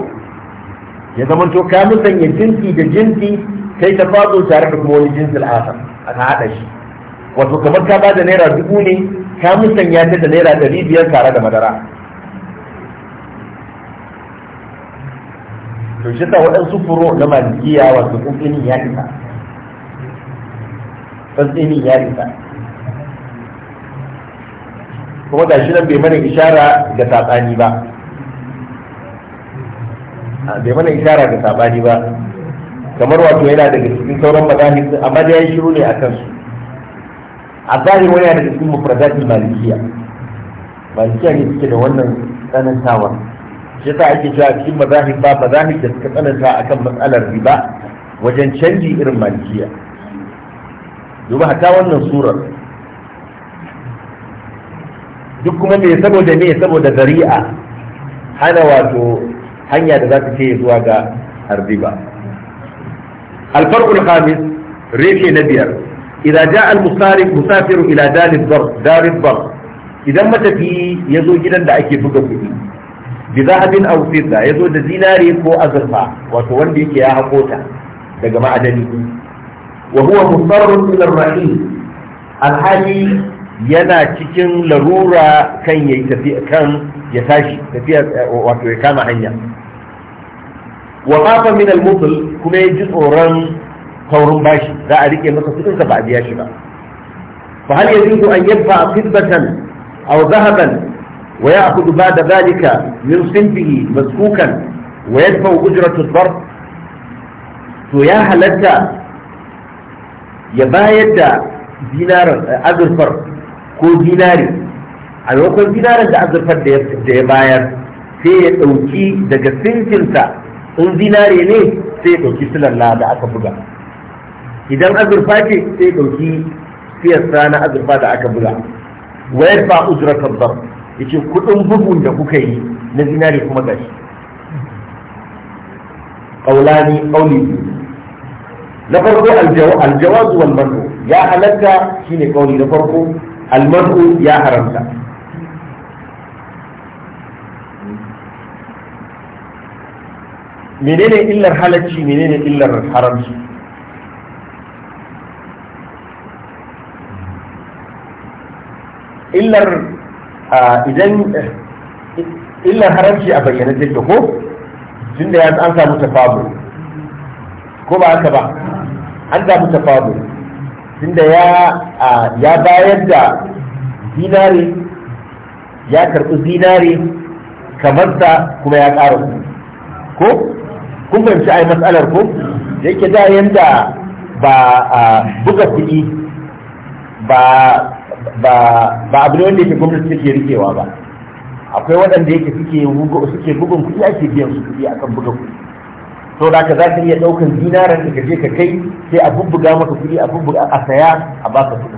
ya zama to kamun sanya jinsi da jinsi kai tafazul tare da kuma wani jinsi al'asar ta haɗa shi wato kamar ka ba da naira dubu ne ka sanya ta da naira ɗari biyar tare da madara to shi sa waɗansu furo na malikiya wato tsuntsini ya isa tsuntsini ya isa kuma ga shi nan bai mana ishara ga saɓani ba bai mana ishara ga saɓani ba kamar wato yana daga cikin sauran mazahir amma da ya yi shiru ne a kansu a zahir wani daga cikin mufradatul malikiya malikiya ne suke da wannan tsanantawa yasa ake cewa cikin mazahib ba mazahib da suka tsananta a kan matsalar riba wajen canji irin malikiya duba hata wannan surar duk kuma me saboda me saboda zari'a hana wato hanya da za ta ce zuwa ga riba alfarqul khamis reshe na biyar idza jaa al musarif musafiru ila dar dar idan matafi ya zo gidan da ake buga kuɗi bi zahabin aw fidda yazo da zinare ko azurfa wato wanda yake ya hako ta daga ma'adani wa huwa musarrun ila ar alhali yana cikin larura kan yayi kan ya tashi tafiya wato ya kama hanya wa qafa min al-mutl kuma ya ji tsoron kaurin bashi za a rike masa kudin ba a biya shi ba fa hal yajuzu an yadfa fidbatan aw zahaban ويأخذ بعد ذلك من صنفه مسكوكا ويدفع أجرة الضرب فيا هلتا يبايد دينار أذرفر كو ديناري a maimakon dinarin da azurfar da ya bayar sai ya ɗauki daga sinfinsa in zinare ne sai ɗauki silalla da aka buga idan azurfa ce sai ya ɗauki azurfa da aka buga ya ce kudin bugun da kuka yi na zinari kuma gashi ƙaulani ƙauli na farko aljawazu wal manu ya halatta shine ƙauli na farko almanu ya haramta menene illar halacci menene illar haramci illar idan illar haramci a bayyana take ko tun da ya an samu tafabu ko ba haka ba an samu tafabu tun da ya bayar da zinare ya karɓi zinare kamar ta kuma ya ƙara ku ko kun fahimci a yi matsalar ko yake da yanda ba buga kuɗi ba ba abu ne wanda yake gwamnati take rikewa ba akwai waɗanda yake suke bugun kuɗi ake biyan su kuɗi akan buga kuɗi to da ka za ka iya ɗaukan dinaran ka je ka kai sai a bubbuga maka kuɗi a bubbuga a saya a baka kuɗi.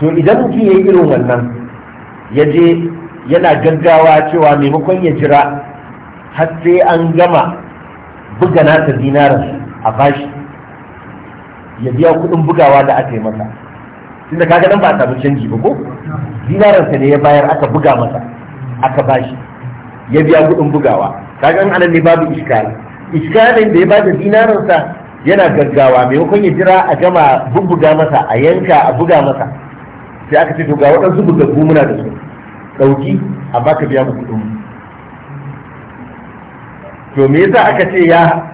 to idan mutum ya yi irin wannan ya je yana gaggawa cewa maimakon ya jira har sai an gama buga nasa dinaran a bashi ya biya kuɗin bugawa da aka yi masa tunda kaga dan ba a samu canji ba ko sa ne ya bayar aka buga masa aka bashi ya biya kuɗin bugawa kaga an anan ne babu iskal iskalin da ya bada sa yana gaggawa maimakon ya jira a gama bubbuga masa a yanka a buga masa sai aka ce to ga waɗansu bugaggu muna da su ɗauki a baka biya mu kuɗin to me yasa aka ce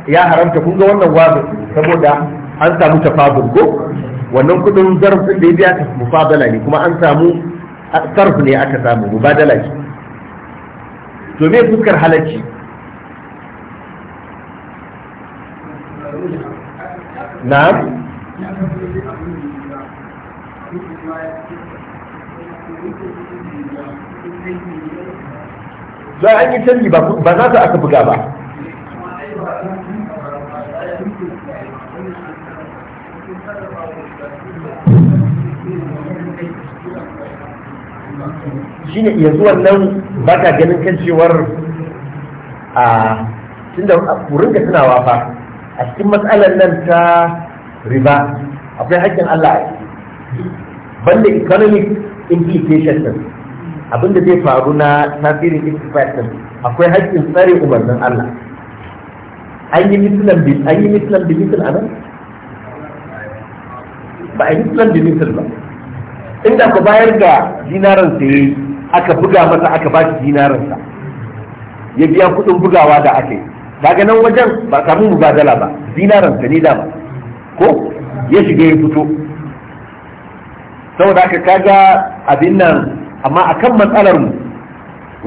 ya haramta kun ga wannan wazo saboda an samu tafadul ko wannan kudin zarfin da ya biya ta mufadala ne kuma an samu sarf ne aka samu mubadala ce to me fuskar halacci na'am za an yi canji ba za su aka buga ba shine iya zuwan nan ba ka ganin kan cewar a da kurin da tunawa fa a cikin matsalar nan ta riba akwai haƙƙin Allah a ciki banda economic implication din abinda zai faru na tasirin ikifat din akwai haƙƙin tsare umarnin Allah an yi mislan an yi mislan bil mislan anan ba a yi mislan bil mislan ba inda ku bayar da dinaran sai aka buga masa aka ba shi ya biya kuɗin bugawa da ake daga nan wajen ba samu mubadala ba dinarinsa ne dama ko ya shiga ya fito saboda aka kaga abin nan amma akan matsalar mu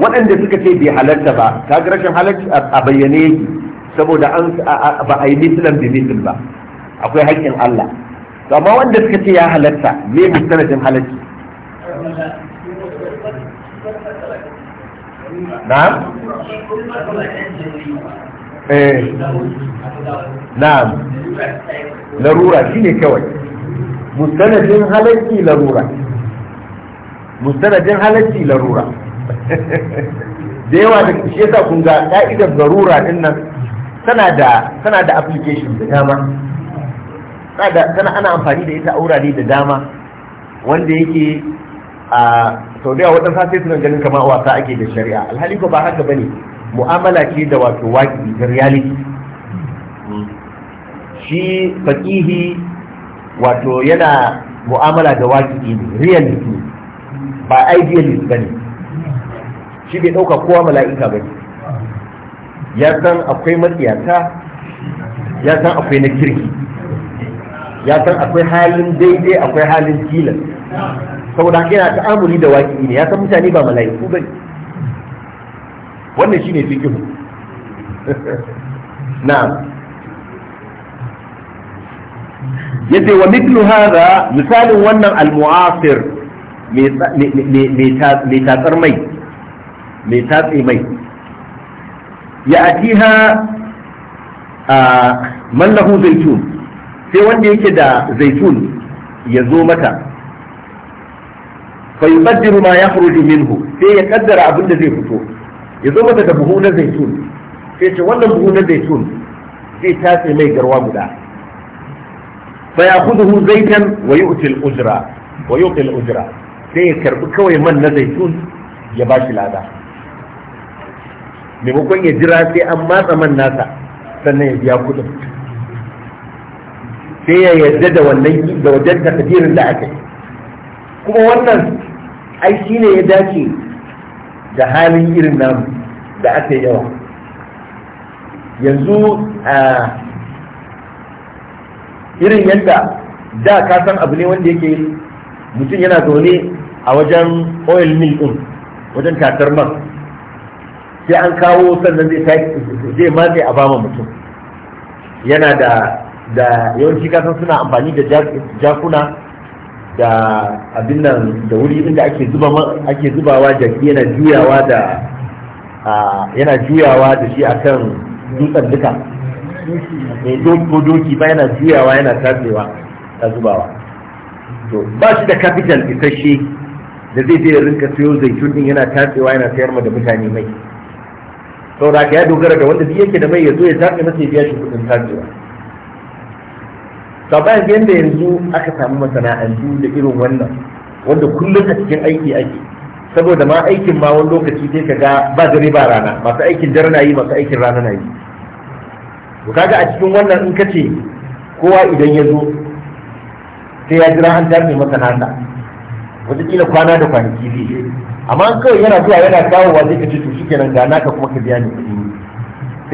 waɗanda suka ce bai halarta ba kaga rashin halarci a bayyane yake saboda an ba a yi mislan bi misl ba akwai haƙƙin Allah amma wanda suka ce ya halarta me mustanadin halarci na'am eh na'am larura shine kawai mustanadin halacci larura mustanadin halacci larura da yawa da shi yasa kun ga ka'idar garura din nan tana da tana da application da dama tana ana amfani da ita a wurare da dama wanda yake a sau da waɗansa sai suna ganin kamar wasa ake da shari'a alhali ko ba haka ba ne mu'amala ce da wato waki da reality shi faƙihi wato yana mu'amala da waki ne reality ne ba idealist ba ne shi bai ɗauka kowa mala'ika ba ne ya san akwai matsiyata ya san akwai na kirki ya san akwai halin daidai akwai halin tilas saboda haka yana ta'amuli da waƙi ne ya san mutane ba mala'iku bane wannan shine fiqhu na'am yadda wa mithlu hadha misalin wannan al-mu'asir mai tatsar mai mai tatsi mai ya atiha a mallahu zaitun sai wanda yake da zaitun ya zo mata fa yubaddiru ya yakhruju minhu sai ya kaddara abin da zai fito ya zo mata da buhu na zaitun sai ce wannan buhu na zaitun zai tace mai garwa guda fa ya'khudhu zaitan wa yu'ti al-ujra wa yu'ti ujra sai ya karbi kawai man na zaitun ya bashi lada maimakon ya jira sai an matsa man nasa sannan ya biya kudin sai ya yarda da wannan da wajen takadirin da aka yi kuma wannan ai shi ne ya dace da halin irin namu da aka yawa yanzu a irin yadda da ka san abu ne wanda yake mutum yana zaune a wajen oil mill din wajen tatar man sai an kawo sannan zai matse a bama mutum yana da da yawanci kasan suna amfani da jakuna da abin nan da wuri inda ake zuba ake zubawa jaki yana juyawa da yana juyawa da shi akan dutsen duka mai eh, ko doki ba yana juyawa yana tatsewa ta zubawa to ba shi da capital isasshe da zai je rinka siyo zaitun din yana tatsewa yana sayar ma da mutane mai saboda ka ya dogara da wanda yake da mai ya zo ya tatse masa ya biya shi kudin tatsewa sabayin yadda yanzu aka samu masana'antu da irin wannan wanda kullum a cikin aiki ake saboda ma aikin ma wani lokaci sai ka ga ba dare ba rana masu aikin dare na yi masu aikin rana na yi to kaga a cikin wannan in ka ce kowa idan ya zo sai ya jira an tafi masana'anta, nasa wataƙila kwana da kwanaki zai amma kawai yana zuwa yana wa zai ka ce to shi nan, ga naka kuma ka biya ni kuɗi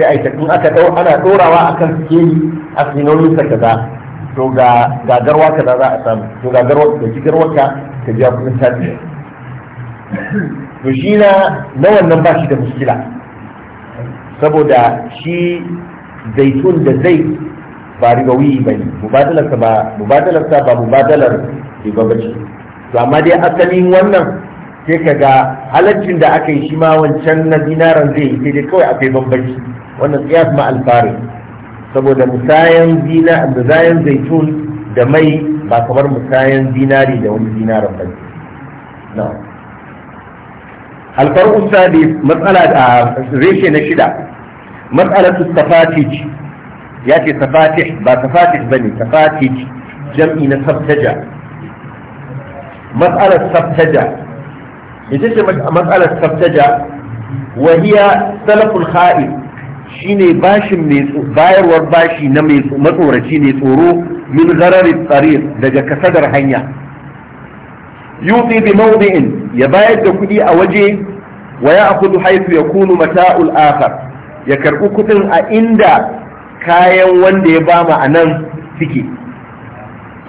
sai a yi ta in aka ɗau ana ɗorawa akan sikeli a sinolinsa kaza to ga gagarwa ka za a samu to ga garwa ka ji garwa ka ka biya kudin tafiya to shi na na wannan ba shi da muskila saboda shi zaitun da zai ba ribawi ba ne mubadalarsa ba mubadalarsa ba mubadalar riba ce to amma dai asalin wannan sai ka ga halaccin da aka yi shi ma wancan na dinaran zai yi sai dai kawai akwai bambanci wannan tsiyas ma alfarin saboda musayan zina musayan zaitun da mai ba kamar musayan zinari da wani zinarin ba na alfar usta da matsala a reshe na shida matsala su safatij ya ce safatij ba safatij ba ne safatij jam'i na sabtaja matsalar sabtaja ita ce matsalar sabtaja wahiya salaful kha'ib shine bashin mai bayarwar bashi na mai matsoraci mai tsoro min zarari tsari daga kasadar hanya yuti bi mawdi'in ya bayar da kuɗi a waje wa ya akudu haifu ya kunu mata'ul akhar ya karɓi kuɗin a inda kayan wanda ya bama a nan suke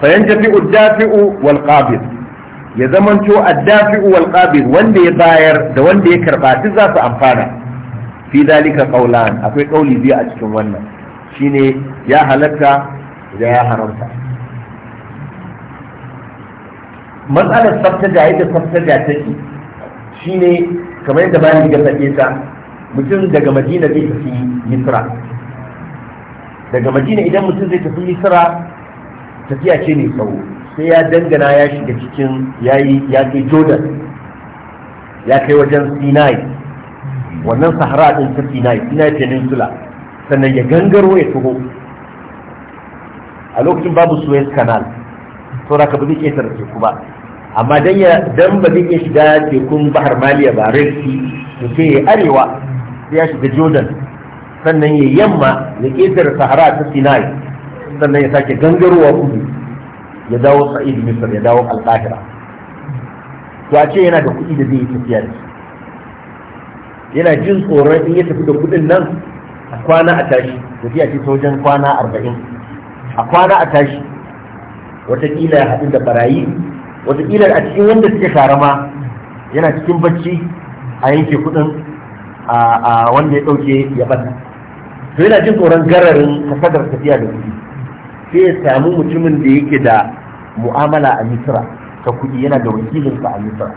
fayan jafi'u dafi'u wal qabid ya zamanto addafi'u wal qabid wanda ya bayar da wanda ya karɓa duk za su amfana fi dalika kaulan akwai kauli biyu a cikin wannan shine ya halatta da ya haramta matsalar da yadda da take shine kamar yadda bayan ga sake ta mutum daga madina zai tafi misra daga madina idan mutum zai tafi misra tafiya ce ne tsawo sai ya dangana ya shiga cikin yayi ya kai jordan ya kai wajen sinai wannan sahara din ta sinai sinai peninsula sannan ya gangaro ya taho a lokacin babu suez canal to da ka ba zai ƙetare teku ba amma dan ya dan ba zai iya shiga tekun bahar maliya ba red sea to sai ya arewa sai ya shiga jordan sannan ya yamma ya ƙetare sahara ta sinai sannan ya sake gangarowa kudu ya dawo sa'id misr ya dawo alƙahira to a ce yana da kuɗi da zai yi tafiya da shi yana jin tsoron in ya tafi da kuɗin nan a kwana a tashi tafiya ce ta wajen kwana arba'in a kwana a tashi watakila ya haɗu da barayi watakila a cikin wanda suke tare ma yana cikin bacci a yanke kuɗin a wanda ya ɗauke ya bata to yana jin tsoron gararin kasadar tafiya da kuɗi sai ya samu mutumin da yake da mu'amala a misira ta kuɗi yana da wakilinsa a misira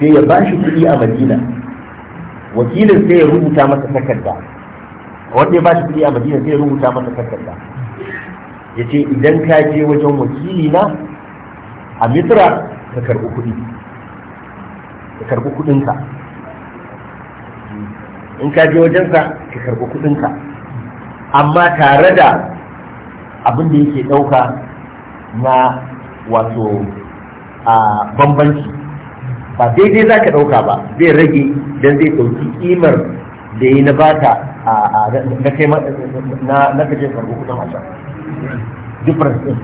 sai ya ba shi kuɗi a madina wakilin sai ya rubuta masa takarda wanda ya ba shi kuɗi a madina sai ya rubuta masa takarda ya ce idan ka je wajen wakili na a misra ka karɓi kuɗi ka karɓi kuɗinka in ka je wajensa ka karɓi kuɗinka amma tare da abin da yake ɗauka na wato a bambanci ba daidai za ka ɗauka ba zai rage don zai ɗauki ƙimar da ya na bata na kai na kaje karɓo kudin a can difference ɗin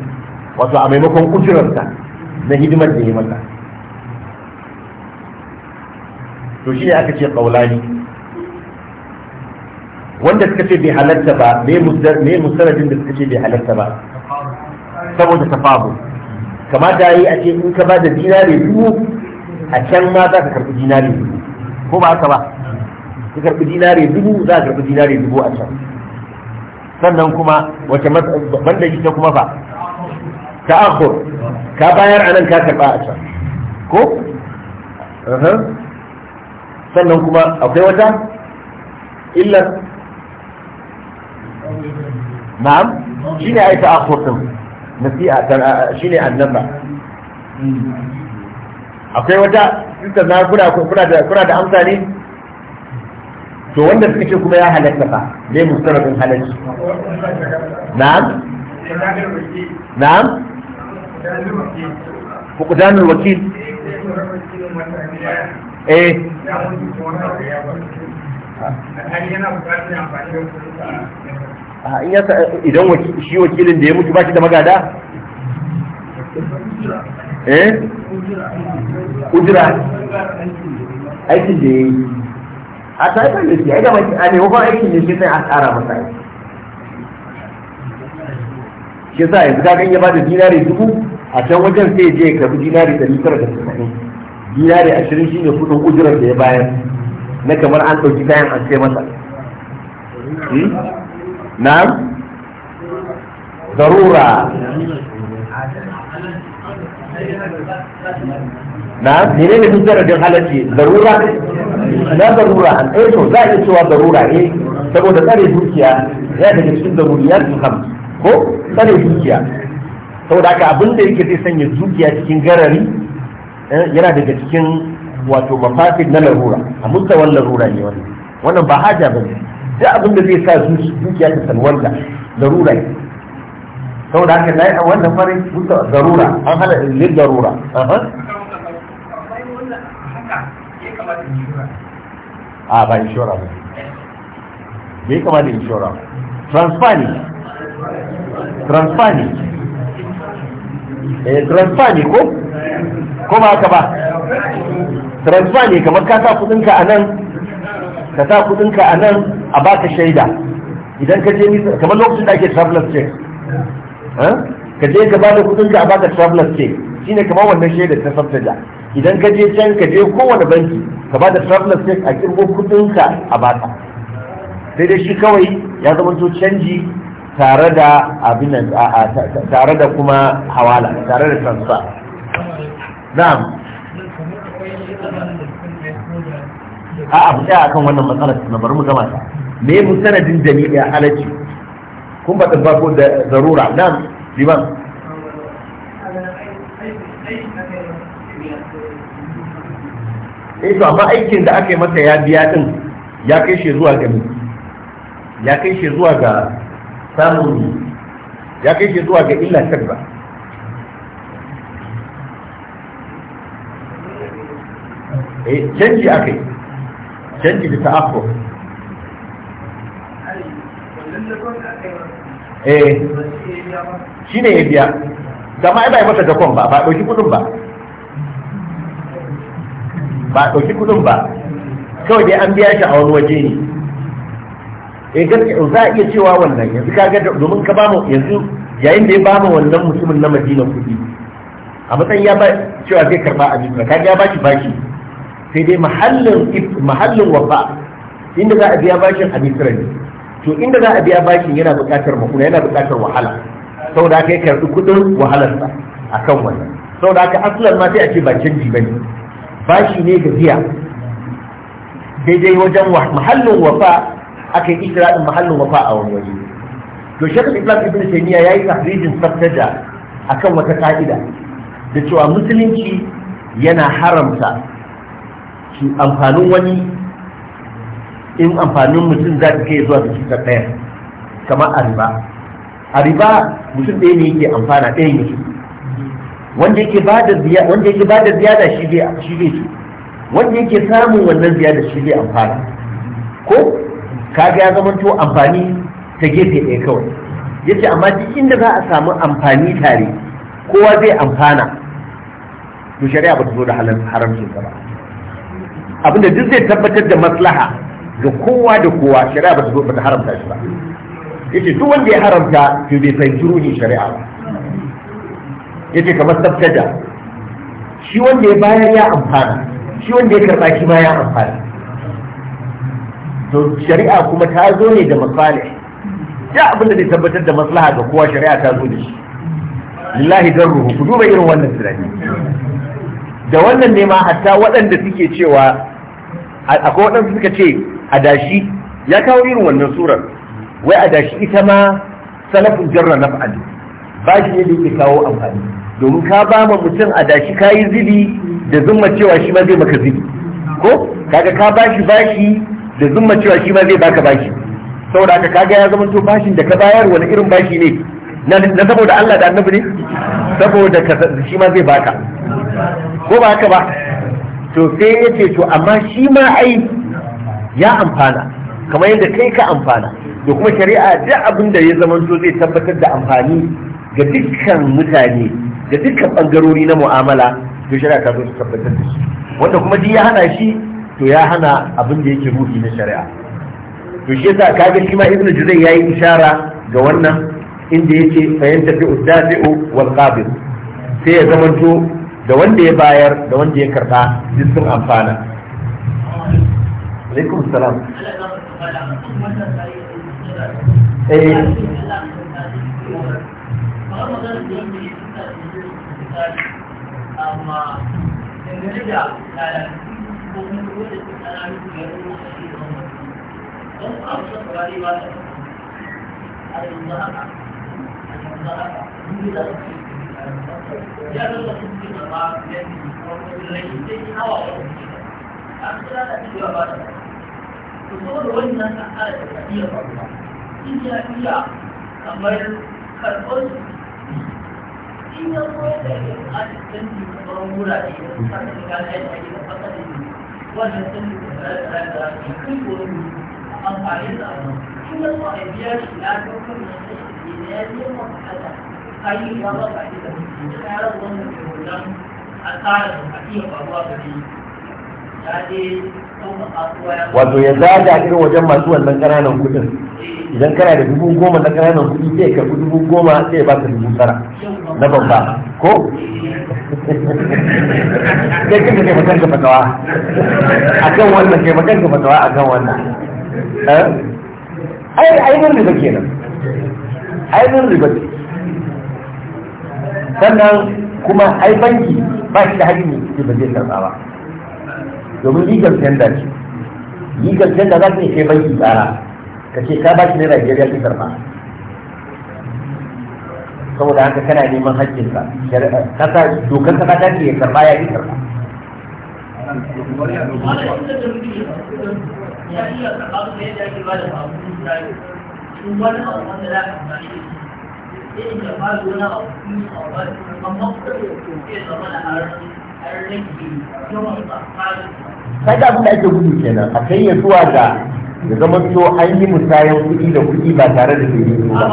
wato a maimakon ujurarsa na hidimar da ya mata to shi ne aka ce ƙaulani wanda suka ce bai halarta ba me musaradin da suka ce bai halarta ba saboda tafabu kamata yi a ce in ka ba da dinare dubu a can ma za ka karɓi dinari dubu, ko ba haka ba ka karɓi dinari dubu za ka karɓi dinari dubu a can sannan kuma wace banda ita kuma fa ta akhur ka bayar anan ka karɓa a can ko sannan kuma akwai wata illar na'am shine ai ta akhur din nasi'a shine annaba akwai wata sistar na kuna da kuna da amsa ne to wanda suka ce kuma ya halatta fa dai mustarafin halalci na'am na'am fuqdanul wakil eh ah, idan shi wakilin da ya mutu ba shi da magada eh ujira aikin da ya yi a taifar da shi a gama a ne wakon aikin da shi sai a tsara masa aiki shi sa yanzu ka ya ba da dinari dubu a can wajen sai ya je ya karbi dinari ɗari tara da tasa'in dinari ashirin shi ne kudin ujirar da ya bayar na kamar an ɗauki kayan an sai masa hmm? na zarura na mene ne duk jaradin halarci zarura na zarura an eh ɗaya to za a iya cewa zarura ne saboda tsare dukiya ya daga cikin zaruriyar ham ko tsare dukiya saboda haka abin da yake zai sanya dukiya cikin garari eh, yana daga cikin wato mafafin na larura a wannan larura ne wannan wannan ba haja ba ne duk abin da zai sa dukiya ta salwanta larura ne saboda haka na yi a wannan farin bisa zarura an hana lil zarura a ba inshora ba bai kama da inshora transfer ne eh transpani ko ko ba haka ba transpani kamar ka sa kudinka a nan ka sa kudinka a nan a baka shaida idan ka je kamar lokacin da ake travelers check ka je ka bada kudin ka a baka travelers check shine kamar wannan shaida ta sabtaja idan ka je can ka je kowane banki ka bada travelers check a kirgo kudin ka a baka sai dai shi kawai ya zama to canji tare da abin tare da kuma hawala tare da transfer na'am a'a mu tsaya akan wannan matsalar na bari mu gama ta me mu sanadin jami'a halacci kun ba farko da zarura nan liman eh to amma aikin da aka yi masa ya biya din ya kai shi zuwa ga ya kai shi zuwa ga samun ya kai shi zuwa ga illa shakba eh canji akai canji da ta'akkuf eh shi ne ya biya gama ai ba masa dakon ba ba ɗauki kudin ba ba ɗauki kudin ba kawai dai an biya shi a wani waje ne eh gaskiya za a iya cewa wannan yanzu ka ga domin ka bamu yanzu yayin da ya bamu wannan mutumin na Madina kuɗi a matsayin ya ba cewa zai karba a jikin ka ya bashi bashi sai dai mahallin mahallin wafa inda za a biya bashin a misira ne to inda za a biya bashin yana buƙatar mafuna yana buƙatar wahala Sau da aka yi karɓi kuɗin wahalarsa a kan wannan da aka asalar ma sai a ce ba canji ba ne bashi ne ga biya daidai wajen mahallin wafa aka yi ɗin mahallin wafa a wani waje to shekul islam ibn taymiya ya yi tahrijin a kan wata ka'ida da cewa musulunci yana haramta amfanin wani in amfanin mutum za ta kai zuwa da cuta ɗaya kamar a riba a riba mutum ɗaya ne yake amfana ɗaya ne wanda yake ba da ziyada shi zai shi wanda yake samun wannan ziyada shi zai amfana ko kaga ya zama to amfani ta gefe ɗaya kawai yace amma duk inda za a samu amfani tare kowa zai amfana to shari'a ba ta zo da haramcin ba abinda duk zai tabbatar da maslaha ga kowa da kowa shari'a ba ta zo ba ta haramta shi ba yace duk wanda ya haramta to bai fahimci ruhin shari'a ba yace kamar sabtada shi wanda ya bayar ya amfana shi wanda ya karba shi ma ya amfana to shari'a kuma ta zo ne da masalih ya abin da zai tabbatar da maslaha ga kowa shari'a ta zo da shi lillahi darruhu ku duba irin wannan tunani da wannan ne ma hatta waɗanda suke cewa akwai waɗanda suka ce adashi ya kawo irin wannan surar wai adashi ita ma salafin jarra na fa'ali ba shi ne da yake kawo amfani domin ka ba ma mutum adashi ka yi zibi da zumma cewa shi ma zai maka zibi ko kaga ka bashi bashi da zumma cewa shi ma zai baka bashi saboda haka kaga ya zama to bashin da ka bayar wani irin bashi ne na saboda Allah da annabi ne saboda shi ma zai baka ko ba haka ba to sai ya ce to amma shi ma ai ya amfana kamar yadda kai ka amfana da kuma shari'a duk abin da ya zamanto zai tabbatar da amfani ga dukkan mutane da dukkan bangarori na mu'amala to shari'a ta zo su tabbatar da shi wanda kuma duk ya hana shi to ya hana abin da yake ruhi na shari'a to shi yasa kaga shi ma ibnu juzai yayi ishara ga wannan inda yake fahimta fi udafi'u wal qabil sai ya zamanto da wanda ya bayar da wanda ya karba duk sun amfana عليكم السلام ايه Thank you. saboda wannan sahara da ta iya faruwa in ya iya kamar karɓar su in ya zo da ya buƙaci canji kamar wurare da su kasa da gane da ake da fasa da yi wannan canji da tsare tsare da ya kai wani amfani da abu in ya zo a biya shi ya ga kuma da ya ce da ya je ma fasa kayi ya ba ka ita da ya rabu wannan da a tsara da iya faruwa da shi wato ya zaga irin wajen masu wannan ƙananan kuɗin idan kana da dubu goma na ƙananan kuɗi sai ka dubu goma sai ba ka dubu tara na babba ko sai kika kai makan ka fatawa kan wannan kai makan ka fatawa kan wannan eh? ai ainihin riba kenan ainihin riba sannan kuma ai banki ba shi da hajji ne ba zai karɓa ba domin legal tender ce legal tender za ka ce banki tsara ka ce ka ba shi naira biyar ya fi karɓa saboda haka kana neman haƙƙinsa kasa dokar kasa ta ce ya karɓa ya fi karɓa wani abu wanda za ka amfani da shi sai in karɓa wani abu kuma a wani kuma mafi da ya zama da harin kada abin da ake gudu kenan a kai ya zuwa da ya zama to an yi musayar kuɗi da kuɗi ba tare da kuɗi ba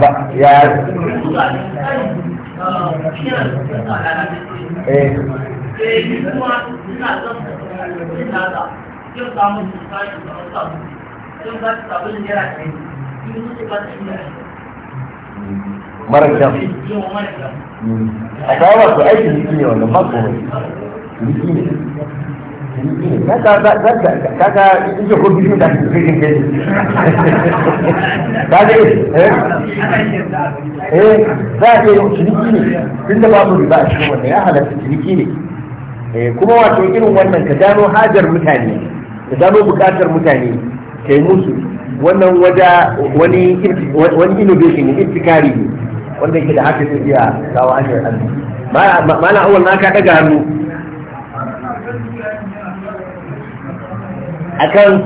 ba eh. mara kyan a kawo masu aikin jiki ne wanda ba komai jiki ne kaga ije ko biyu da ake cikin gani kaga eh? eh eh za a iya yin ciniki ne tun da babu riba a cikin wanda ya halatta ciniki ne eh, kuma wato irin wannan ka gano hajar mutane ka gano bukatar mutane ka yi musu wannan waja wani innovation ne ibtikari ne wanda yake da haka da iya kawo hanyar hannu mana awal na ka daga hannu kan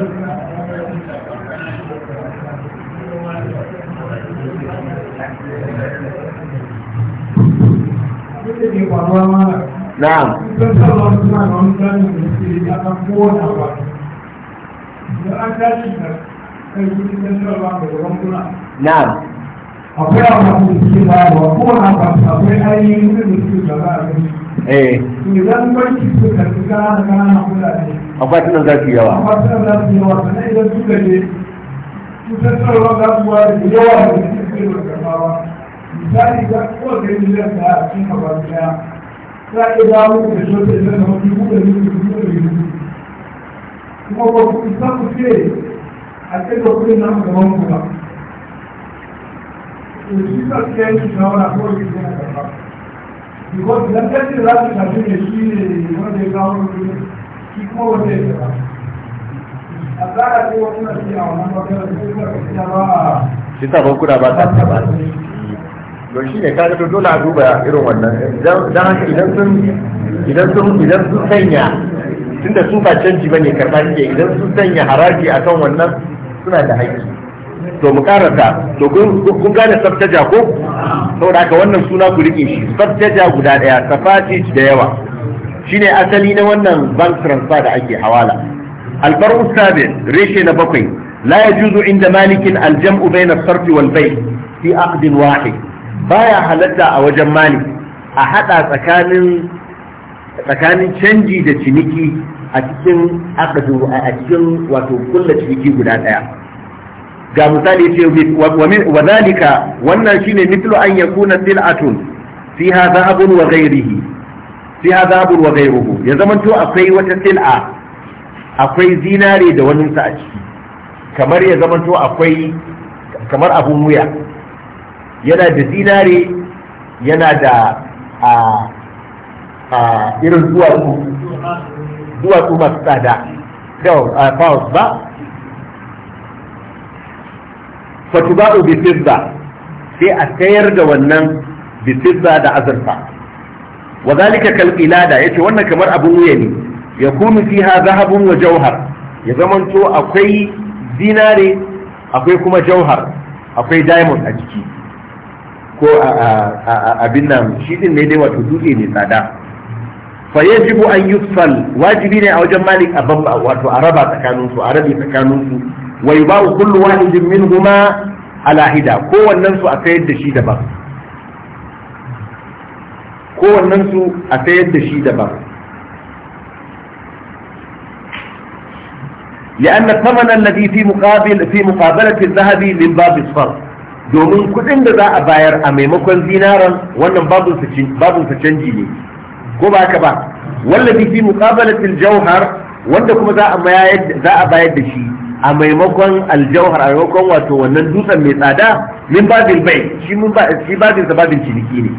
Na'am. Da an na'am akwai amfani da suke bayarwa ko amfani akwai ainihin kudin da suke da za a gani eh idan banki su karbi kana da kana Akwai akwai za su yawa akwai tunan za su yawa sannan idan su gaje cutarwa za su ware da yawa da suke da karfawa misali ga kowace miliyan da a cikin gaba daya za a iya dawo da shote da kamar dubu da dubu da dubu da kuma ba ku isa ku ce a kai da kudin nan gaban ku ba to shi ka kai shi shawara ko shi ne a karba because idan kai ce za su shafi ne shi ne wanda ya kawo kudin shi kuma wanda ya karba a tsara ce wani na shi a wannan bakarar ko kuma ka fiya ba a shi sa bankuna ba ta taba to shi ne kaga to dole a duba irin wannan idan haka idan sun idan sun idan sun sanya tunda su ba canji bane karba ke idan sun sanya haraji akan wannan suna da haƙƙi to mu karanta to kun gane tsaftaja ko saboda haka wannan suna ku rike shi tsaftaja guda daya safati da yawa shine asali na wannan bank transfer da ake hawala Albar'u sabi reshe na bakwai la yajuzu inda malikin aljam'u bayna sarfi wal bay' fi aqdin wahid baya halatta a wajen malik a hada tsakanin tsakanin canji da ciniki a cikin aqdu a cikin wato kullu ciki guda daya ga misali ce wa zalika wannan shine mithlu an yakuna sil'atun fiha dhahabun wa ghayrihi fiha dhahabun wa ghayruhu ya zamanto akwai wata sil'a akwai zinare da wani sa a ciki kamar ya zamanto akwai kamar abun wuya yana da zinare yana da a irin duwatsu duwatsu masu tsada da pounds ba fatuba'u bi fizza sai a sayar da wannan bisizza da azurfa wa zalika kal ilada yace wannan kamar abun wuya ne yakunu fiha zahabun wa jawhar ya zamanto akwai zinare akwai kuma jauhar akwai diamond a jiki ko a abin nan shi din ne dai wato dutse ne tsada fa yajibu an yufsal wajibi ne a wajen malik a babba wato a raba tsakanin su a rabi tsakanin su ba ku kullu wahidin minhuma ala hida kowannen su a sayar da shi daban kowannen su a sayar da shi daban لأن الثمن الذي في مقابل في مقابلة الذهب من باب الصرف domin kuɗin da za a bayar a maimakon zinaran wannan babin canji ne ko ba haka ba wallafi fi muqabalatil jawhar wanda kuma za a bayar za a bayar da shi a maimakon aljawhar a maimakon wato wannan dutsen mai tsada min babil bai shi mun ba shi babin sa ciniki ne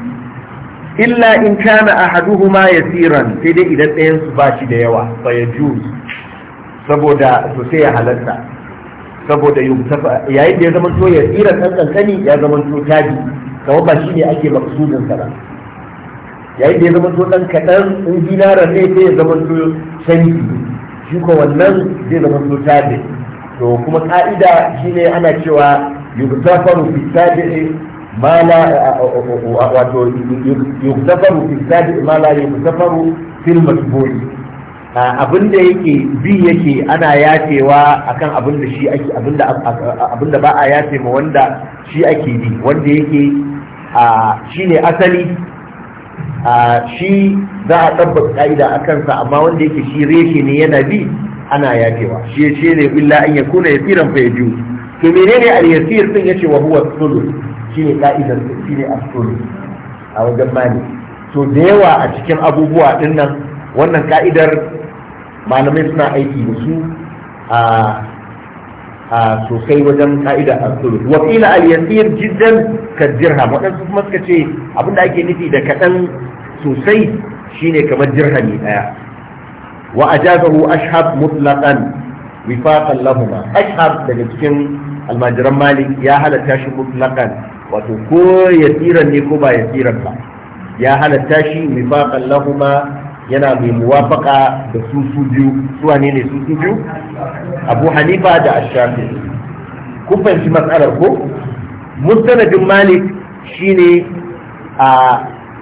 illa in kana ahaduhuma yasiran sai dai idan ɗayan su ba shi da yawa fa yajuz saboda to sai ya halatta saboda yayin da ya zama to yasiran kankani ya zama to tabi kawai ba shi ne ake maksudin sa ba yayin da ya zama to dan kaɗan in dinara ne sai ya zama to shanki shi ko wannan zai zama to tabi to kuma ka'ida shine ana cewa yugtafaru fi tabi ma la wato yugtafaru fi tabi ma la yugtafaru fil matbu'i abin da yake bi yake ana yafewa akan abin da shi ake abin da ba a yafe ma wanda shi ake bi wanda yake shine asali shi za a tabbata ka'ida a kansa amma wanda yake shi reshe ne yana bi ana yafewa shi ya ce ne illa an ya yasiran fa yaju to menene al-yasir din yace wa huwa sulu shine ka'idar shine as-sulu a wajen mali to da yawa a cikin abubuwa din nan wannan ka'idar malamai suna aiki da su a a sosai wajen ka'ida a sulu wa qila al yasir jiddan ka dirham wadansu kuma suka ce abinda ake nufi da kadan sosai shine kamar dirhami daya wa ajazahu ashhab mutlaqan wifaqan lahuma ashhab daga cikin almajiran malik ya halatta shi mutlaqan wato ko yasiran ne ko ba yasiran ba ya halatta shi wifaqan lahuma yana mai muwafaka da su su biyu su wane ne su su biyu abu hanifa da ashafi kun fahimci matsalar ko mustanadin malik shine a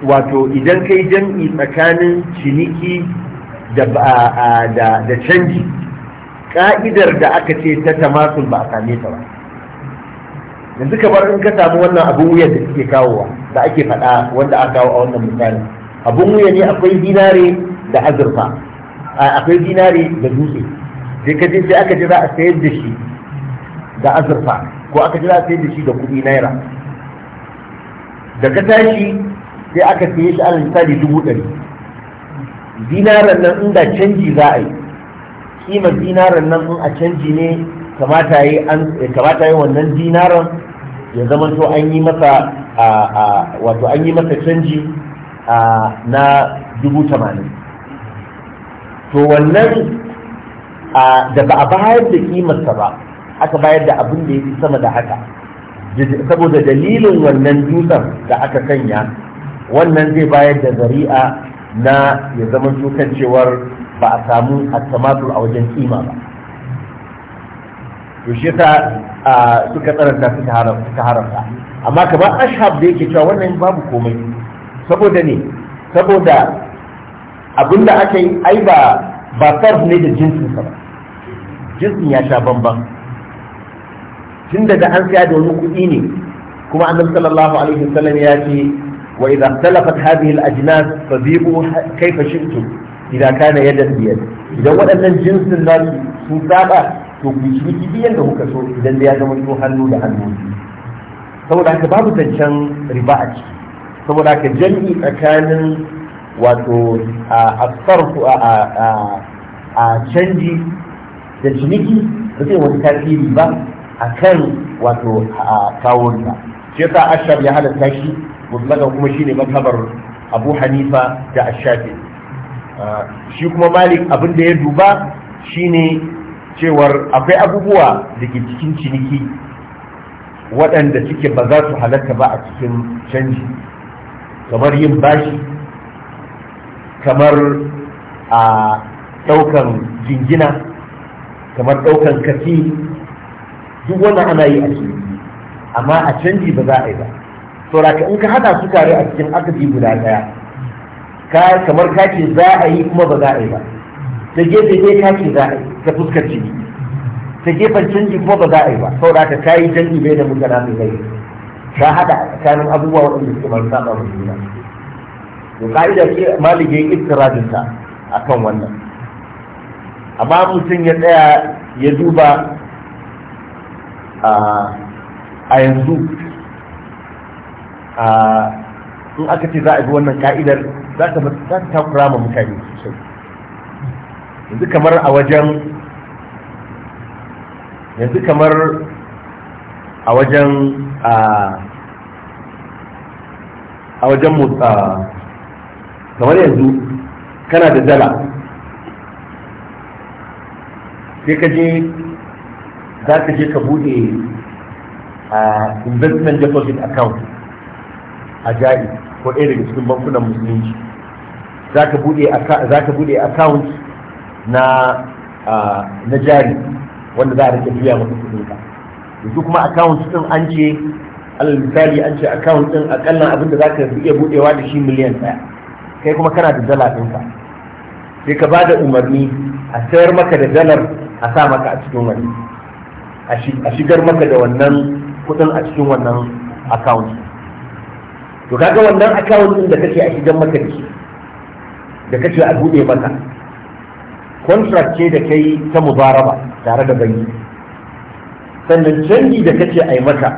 wato idan kai jam'i tsakanin ciniki da da canji ka'idar da aka ce ta tamasul ba a same ta ba yanzu kamar in ka samu wannan abin wuyar da suke kawowa da ake faɗa wanda aka kawo a wannan misali Abin wuya ne akwai dinare da azurfa akwai dinare da dutse sai ka sai aka ji za a sayar da shi da azurfa ko aka ji za a sayar da shi da kuɗi naira da ka tashi sai aka saye shi alal misali dubu ɗari dinaran nan inda canji za a yi kimar dinaran nan in a canji ne kamata yi wannan dinaran ya zama to an yi masa wato an yi masa canji na dubu tamanin to wannan da ba a bayar da kimarsa ba aka bayar da abin da ya fi sama da haka saboda dalilin wannan dutsen da aka sanya wannan zai bayar da zari'a na ya zama tukan cewar ba a samu attamatur a wajen kima ba to shi ta suka tsaranta suka haramta amma kamar ashab da yake cewa wannan babu komai saboda ne saboda abinda aka yi ai ba ba sarf ne da jinsin ba jinsin ya sha bamban tunda da an saya da wani kuɗi ne kuma annabi sallallahu alaihi wasallam ya ce wa idza ikhtalafat hadhihi al-ajnas fabiqu kayfa shi'tum idan kana yadda biyad idan waɗannan jinsin za su sun saba to ku shi ciniki duk yadda kuka so idan da ya zama to hannu da hannu saboda haka babu zancen riba a ciki saboda ka jami tsakanin wato a sarfu a canji da ciniki ba zai wani tasiri ba a kan wato a kawon ta shi yasa ashab ya halatta shi mutlaka kuma shine mazhabar abu hanifa da ashafi shi kuma malik abin da ya duba shine cewar akwai abubuwa da ke cikin ciniki waɗanda suke ba za su halatta ba a cikin canji kamar yin bashi kamar a ɗaukan jingina kamar ɗaukan kafi duk wanda ana yi a ciniki amma a canji ba za a yi ba sauraka in ka haɗa su tare a cikin akadi guda ɗaya kamar kake za a yi kuma ba za a yi ba ta gefe ɗaya kake za a yi ta fuskar ciniki ta gefen canji kuma ba za a yi ba sauraka ka yi canji bai da mutana mai rai Ta hada tsakanin abubuwa waɗanda suke masu saba mu juna to ka'ida ce malige ya rajinta a kan wannan amma mutum ya tsaya ya duba ah, a yanzu ah, in aka ce za a bi wannan ka'idar za ta takura ma mutane sosai yanzu kamar a wajen yanzu kamar a wajen a wajen motsa kamar yanzu kana da dala sai ka je za ka je ka bude a investment deposit account a jari ko ɗaya daga cikin bankunan musulunci za ka bude account na jari wanda za a rike biya masu kudinka yanzu kuma account din an ce alal misali an ce account din akalla abin da zaka iya budewa da shi miliyan ɗaya kai kuma kana da dala ɗinka sai ka bada umarni a sayar maka da dalar a sa maka a cikin wani a shigar maka da wannan kudin a cikin wannan account to kaga wannan account din da kake a shigar maka da shi da kake a bude maka contract ce da kai ta mubaraba tare da banki sannan canji da kace ai maka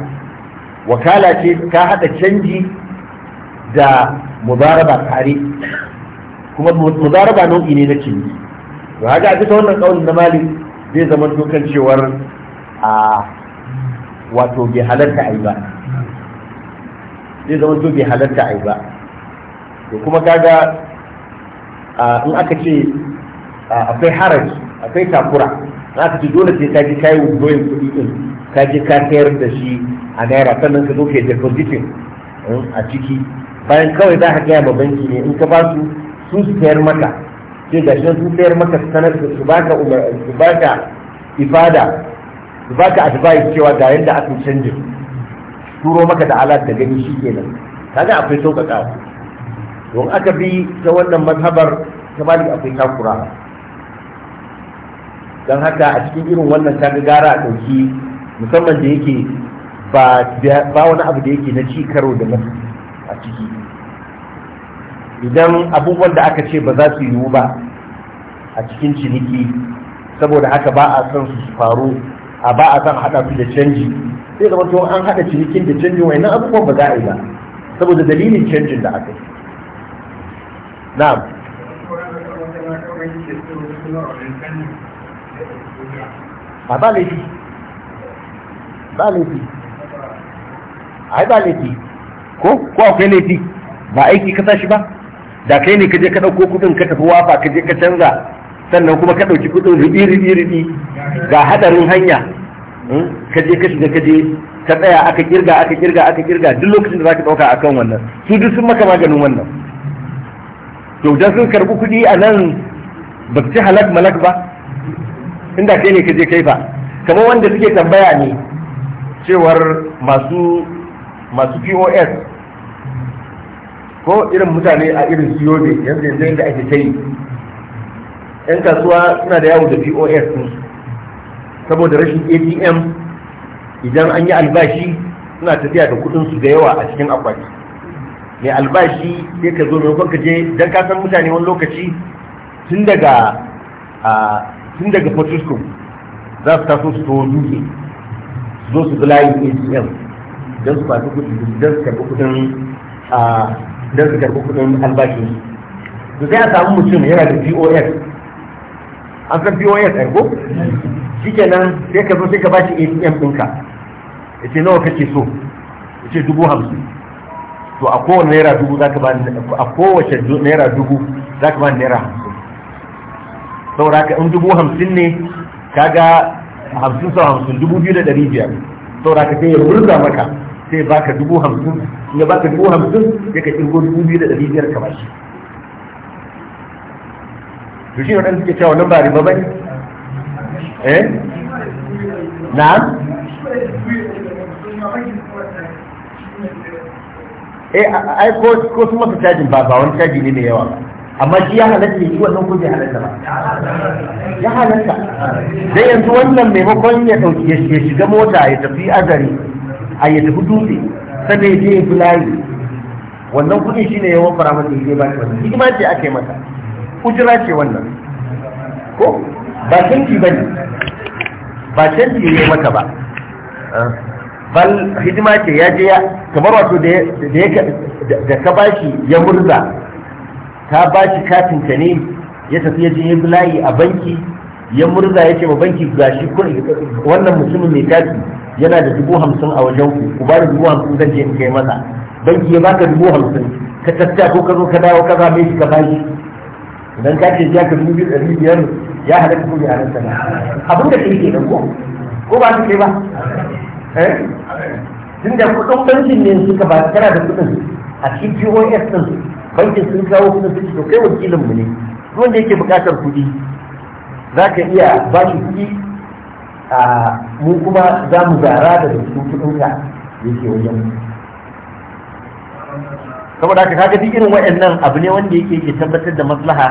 wakala ce ka hada canji da mubaraba tare kuma mubaraba nau'i ne na ciniki to haka a bisa wannan kaulin na malik zai zama dokan cewar a wato bai halarta ai ba zai zama to bai halarta ai ba to kuma kaga in aka ce akwai haraji akwai takura za ka ci dole sai ka ji kayi withdrawing kuɗi ɗin ka ji ka sayar da shi a naira sannan ka zo ka depositin hmm, a ciki bayan kawai za ka gaya ma banki ne in ka ba su su su sayar maka sai ga shi su sayar maka sanar da su baka umar su baka ifada su baka advice cewa ga yadda aka canje turo maka da alat da gani shi kenan kaga akwai sauƙaƙa don aka bi ta wannan mazhabar ta bali akwai takura don haka a cikin irin wannan ta ga gara a ɗauki musamman da yake ba wani abu da yake na ci karo da nasu a ciki idan abubuwan da aka ce ba za su yiwu ba a cikin ciniki saboda haka ba a son su faru a ba a son haɗa su da canji sai zama to an haɗa cinikin da canjin wayannan abubuwan ba za a yi ba saboda dalilin canjin da aka yi na'am a ba laifi ba laifi ai ba laifi ko ko akwai laifi ba aiki ka tashi ba da kai ne ka je ka ɗauko kuɗin ka tafi wafa ka je ka canza sannan kuma ka ɗauki kuɗin riɗi riɗi riɗi ga haɗarin hanya hmm? ka je ka shiga ka je ka tsaya aka kirga aka kirga aka kirga duk lokacin da za ka ɗauka akan wannan su duk sun maka maganin wannan to dan sun karɓi kuɗi a nan ba ci halak malak ba inda kai ne ka je kai fa kamar wanda suke tambaya ne cewar masu masu POS ko irin mutane a irin ne yanzu yanzu inda ake ta yi yan kasuwa suna da yawo da POS ne saboda rashin ATM idan an yi albashi suna tafiya da kudin su da yawa a cikin akwati mai albashi sai ka zo maimakon ka je dan ka san mutane wani lokaci tun daga tun daga fortisco za su taso su towo dutse su zo su bi layin acm don su fasu kudi don su karbi kudin don su karbi kudin albashin su sai a samu mutum yana da pos an san pos ai ko nan sai ka zo sai ka bashi acm ɗinka ya ce nawa kake so ya ce dubu hamsin to a kowace naira dubu za ka ba a kowace naira dubu za ka ba naira hamsin saboda haka in dubu hamsin ne kaga hamsin sau hamsin dubu biyu da ɗari biyar saboda haka sai ya burza maka sai ka dubu hamsin in ya ka dubu hamsin sai ka ƙirgo dubu biyu da ɗari biyar ka bashi to shi waɗanda suke cewa nan ba riba ba ne eh eh ai ko su masa cajin ba ba wani caji ne mai yawa ba amma shi ya halatta ya yi wannan ko bai halatta ba ya halatta Zai yanzu wannan maimakon ya dauki ya shiga mota ya tafi azari a ya tafi dutse sannan ya je ya fulayi wannan shi shine ya wafara masa ya ba shi wannan hikima ce ake masa ujira ce wannan ko ba canji ne ba canji ne mata ba bal hidima ce ya je ya kamar wato da ka bashi ya murza Ta ba shi katin ka ne ya tafi ya je ya bi layi a banki ya murza ya ce ma banki gashi wannan mutumin mai kati yana da dubu hamsin a wajen ku ku ba da dubu hamsin zan je in kai masa banki ya baka dubu hamsin ka tatta ko ka zo ka dawo ka mai shi ka ba shi. idan ka ce ya ka dubu biyu ɗari biyar ya halatta ko ya halatta na abin da kai ke nan ko ko ba su kai ba eh? tun da kuɗin bankin ne suka ba kana da kuɗin a cikin POS ɗin bankin sun kawo kuɗin sun to kai wakilin mu ne wanda yake buƙatar kuɗi za ka iya ba shi kuɗi a mu kuma za mu zara da cikin kuɗinka yake wajen saboda haka kaga duk irin wa'annan abu ne wanda yake ke tabbatar da maslaha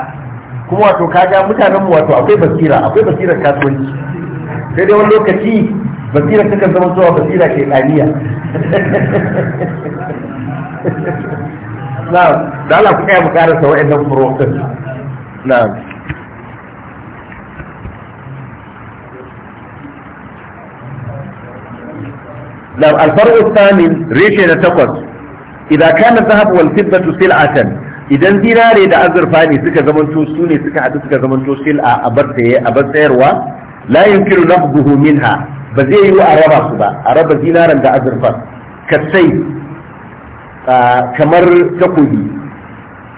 kuma wato kaga mutanen mu wato akwai basira akwai basirar kasuwanci sai dai wani lokaci basira takan zama zuwa basira ke ɗaniya na'am da Allah ku kai mu karanta wa'annan furokin نعم الفرق الثامن ريشة تقص إذا كان الذهب والفضة سلعة idan zinare da azurfa ne suka zamanto su ne suka haɗu suka zamanto sil'a a bar saye a bar la minha ba zai yi a raba su ba a raba zinaren da azurfa kasai kamar takobi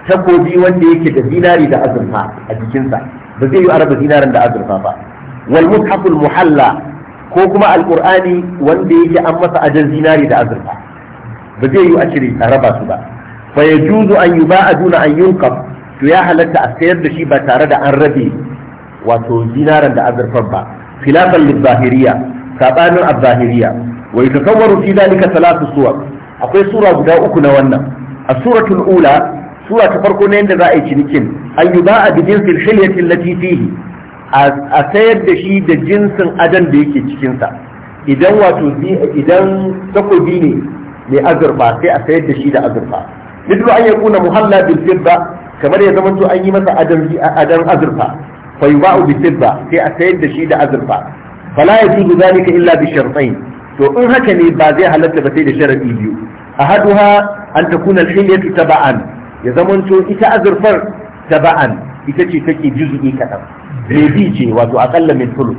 takobi wanda yake da zinari da azurfa a jikinsa ba zai yi araba zinarin da azurfa ba wal mushaful muhalla ko kuma alqur'ani wanda yake an masa ajan zinari da azurfa ba zai yi a cire a raba su ba fa yajuzu an yuba'a duna an yunqab to ya halatta a sayar da shi ba tare da an rabe wato zinaran da azurfan ba khilafan lizahiriya sabanin azahiriya wa yatasawwaru fi dhalika salatu suwar akwai sura guda uku na wannan a suratul ula sura ta farko na yadda za a yi cinikin an yi ba a bi jinsin shilyatin latifihi a sayar da shi da jinsin adan da yake cikinsa idan wato idan takobi ne mai azurfa sai a sayar da shi da azurfa mislu an yakuna muhalla bil fidda kamar ya zama to an yi masa adan adan azurfa fa yuba'u bil sai a sayar da shi da azurfa fala yajuzu zalika illa bi shartain to in haka ne ba zai halatta ba sai da sharadi biyu A ahaduha an takuna al-hilyatu taba'an ya zamanto ita azurfar taba'an ita ce take juz'i kadan bai bi ce wato aqalla min thuluth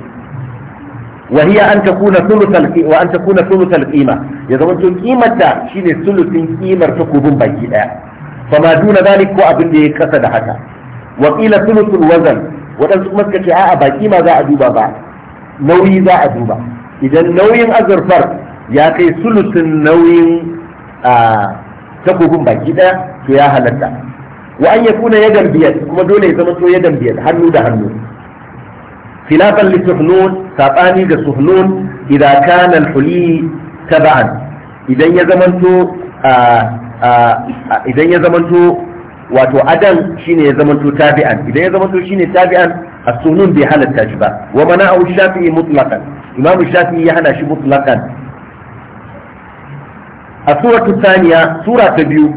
wa hiya an takuna thuluth wa an takuna thuluth al-qima ya zamanto kimarta shine thuluthin kimar takubin baki daya fama duna zalik ko abin da ya kasa da haka wa qila thuluthul wazn wadansu kuma suka ce a'a ba kima za a duba ba nauyi za a duba idan nauyin azurfar ya kai sulusun nauyin a takobin baki ɗaya, to ya halatta wa an ya kuna yadan biyar kuma dole ya zama to yadan biyar hannu da hannu Filafan li saɓani sabani da suhnun idan kana al-huli idan ya zamanto idan ya wato adan shine ya zamanto tabi'an idan ya zamanto shine tabi'an as-sunun bai halatta shi ba wa mana'u shafi'i mutlaqan imamu shafi'i ya hana shi mutlaqan a suratu thaniya sura ta biyu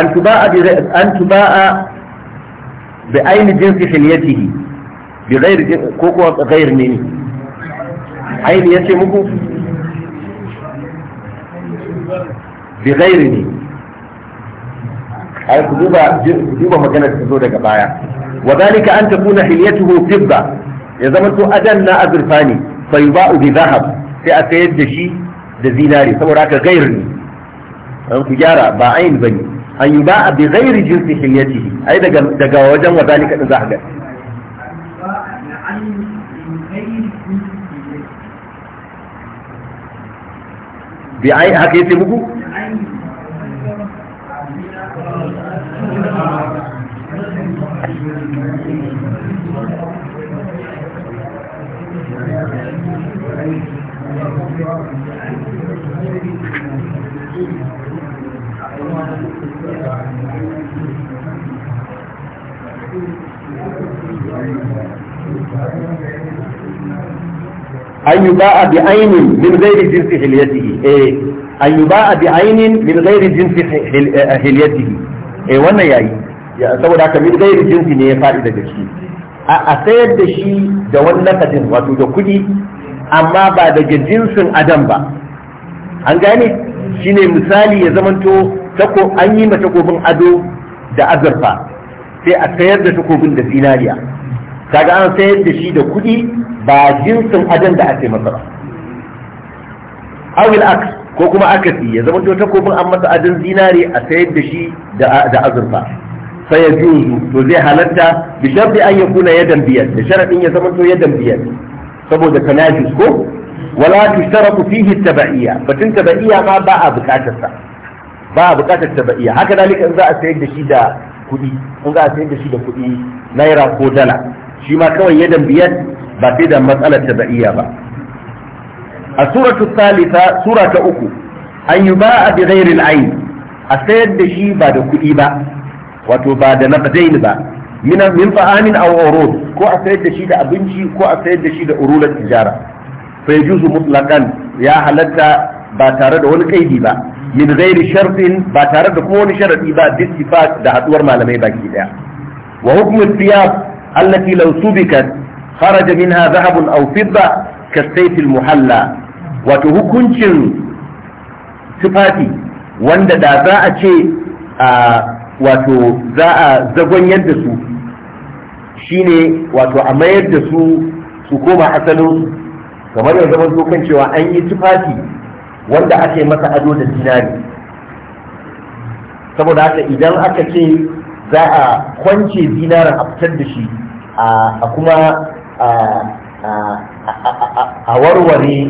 an tuba'a bi an tuba'a bi ayni jinsi hilyatihi bi ghairi ko ko ghairi ne ayni muku ne ai ku duba maganar zo daga baya وذلك أن تكون حليته فضة يزمن تو أدنى أزرفاني فيباء بذهب في أسيد دشي دزيناري ثم راك غيرني تجارة باعين بني أن يباع بغير جنس حليته أي دقا وجن وذلك نزاحك بعين هكي سيبكو an yi ainin min gairi jinsi hilyatihi eh an ainin min gairi jinsi eh, hilyatihi eh wannan yayi saboda haka min gairi jinsi ne ya faɗi daga shi a sayar da shi da wani lafazin wato da kuɗi amma ba daga jinsin adam ba an gane shine misali ya zamanto tako an yi ma takobin ado da azurfa sai a sayar da takobin da zinariya kaga an sayar da shi da kuɗi ba jinsin adam da ake masa ba awil aks ko kuma akasi ya zama to takobin an masa adon zinari a sayar da shi da azurfa sai ya juzu to zai halatta bi sharti an yakuna yadan biyar da sharadin ya zama to yadan biyar saboda tanajus ko wala tushtaraku fihi tabaiya batun tabaiya ma ba a bukatar sa ba a bukatar tabaiya haka dalika in za a sayar da shi da kuɗi in za a sayar da shi da kuɗi naira ko dala shi ma kawai ya biyar ba sai da matsalar tabaiya ba a suratu salisa sura ta uku an yi ba a bi ghairil ayn a sayar da shi ba da kuɗi ba wato ba da naqdain ba min ta'amin aw urud ko a sayar da shi da abinci ko a sayar da shi da urulan tijara fa yajuzu mutlaqan ya halatta ba tare da wani kaidi ba min ghairi shartin ba tare da kuma wani sharadi ba bisifat da haduwar malamai baki daya wa hukmu thiyab allati law subikat kharaja minha dhahabun aw fidda ka sayf muhalla wato hukuncin sifati wanda da za a ce a wato za a zagon yadda su shine wato a mayar da su su koma asalin kamar yanzu zama so kan cewa an yi tufafi wanda aka yi masa ado da dinari saboda haka idan aka ce za a kwance zinarin a fitar da shi a kuma a warware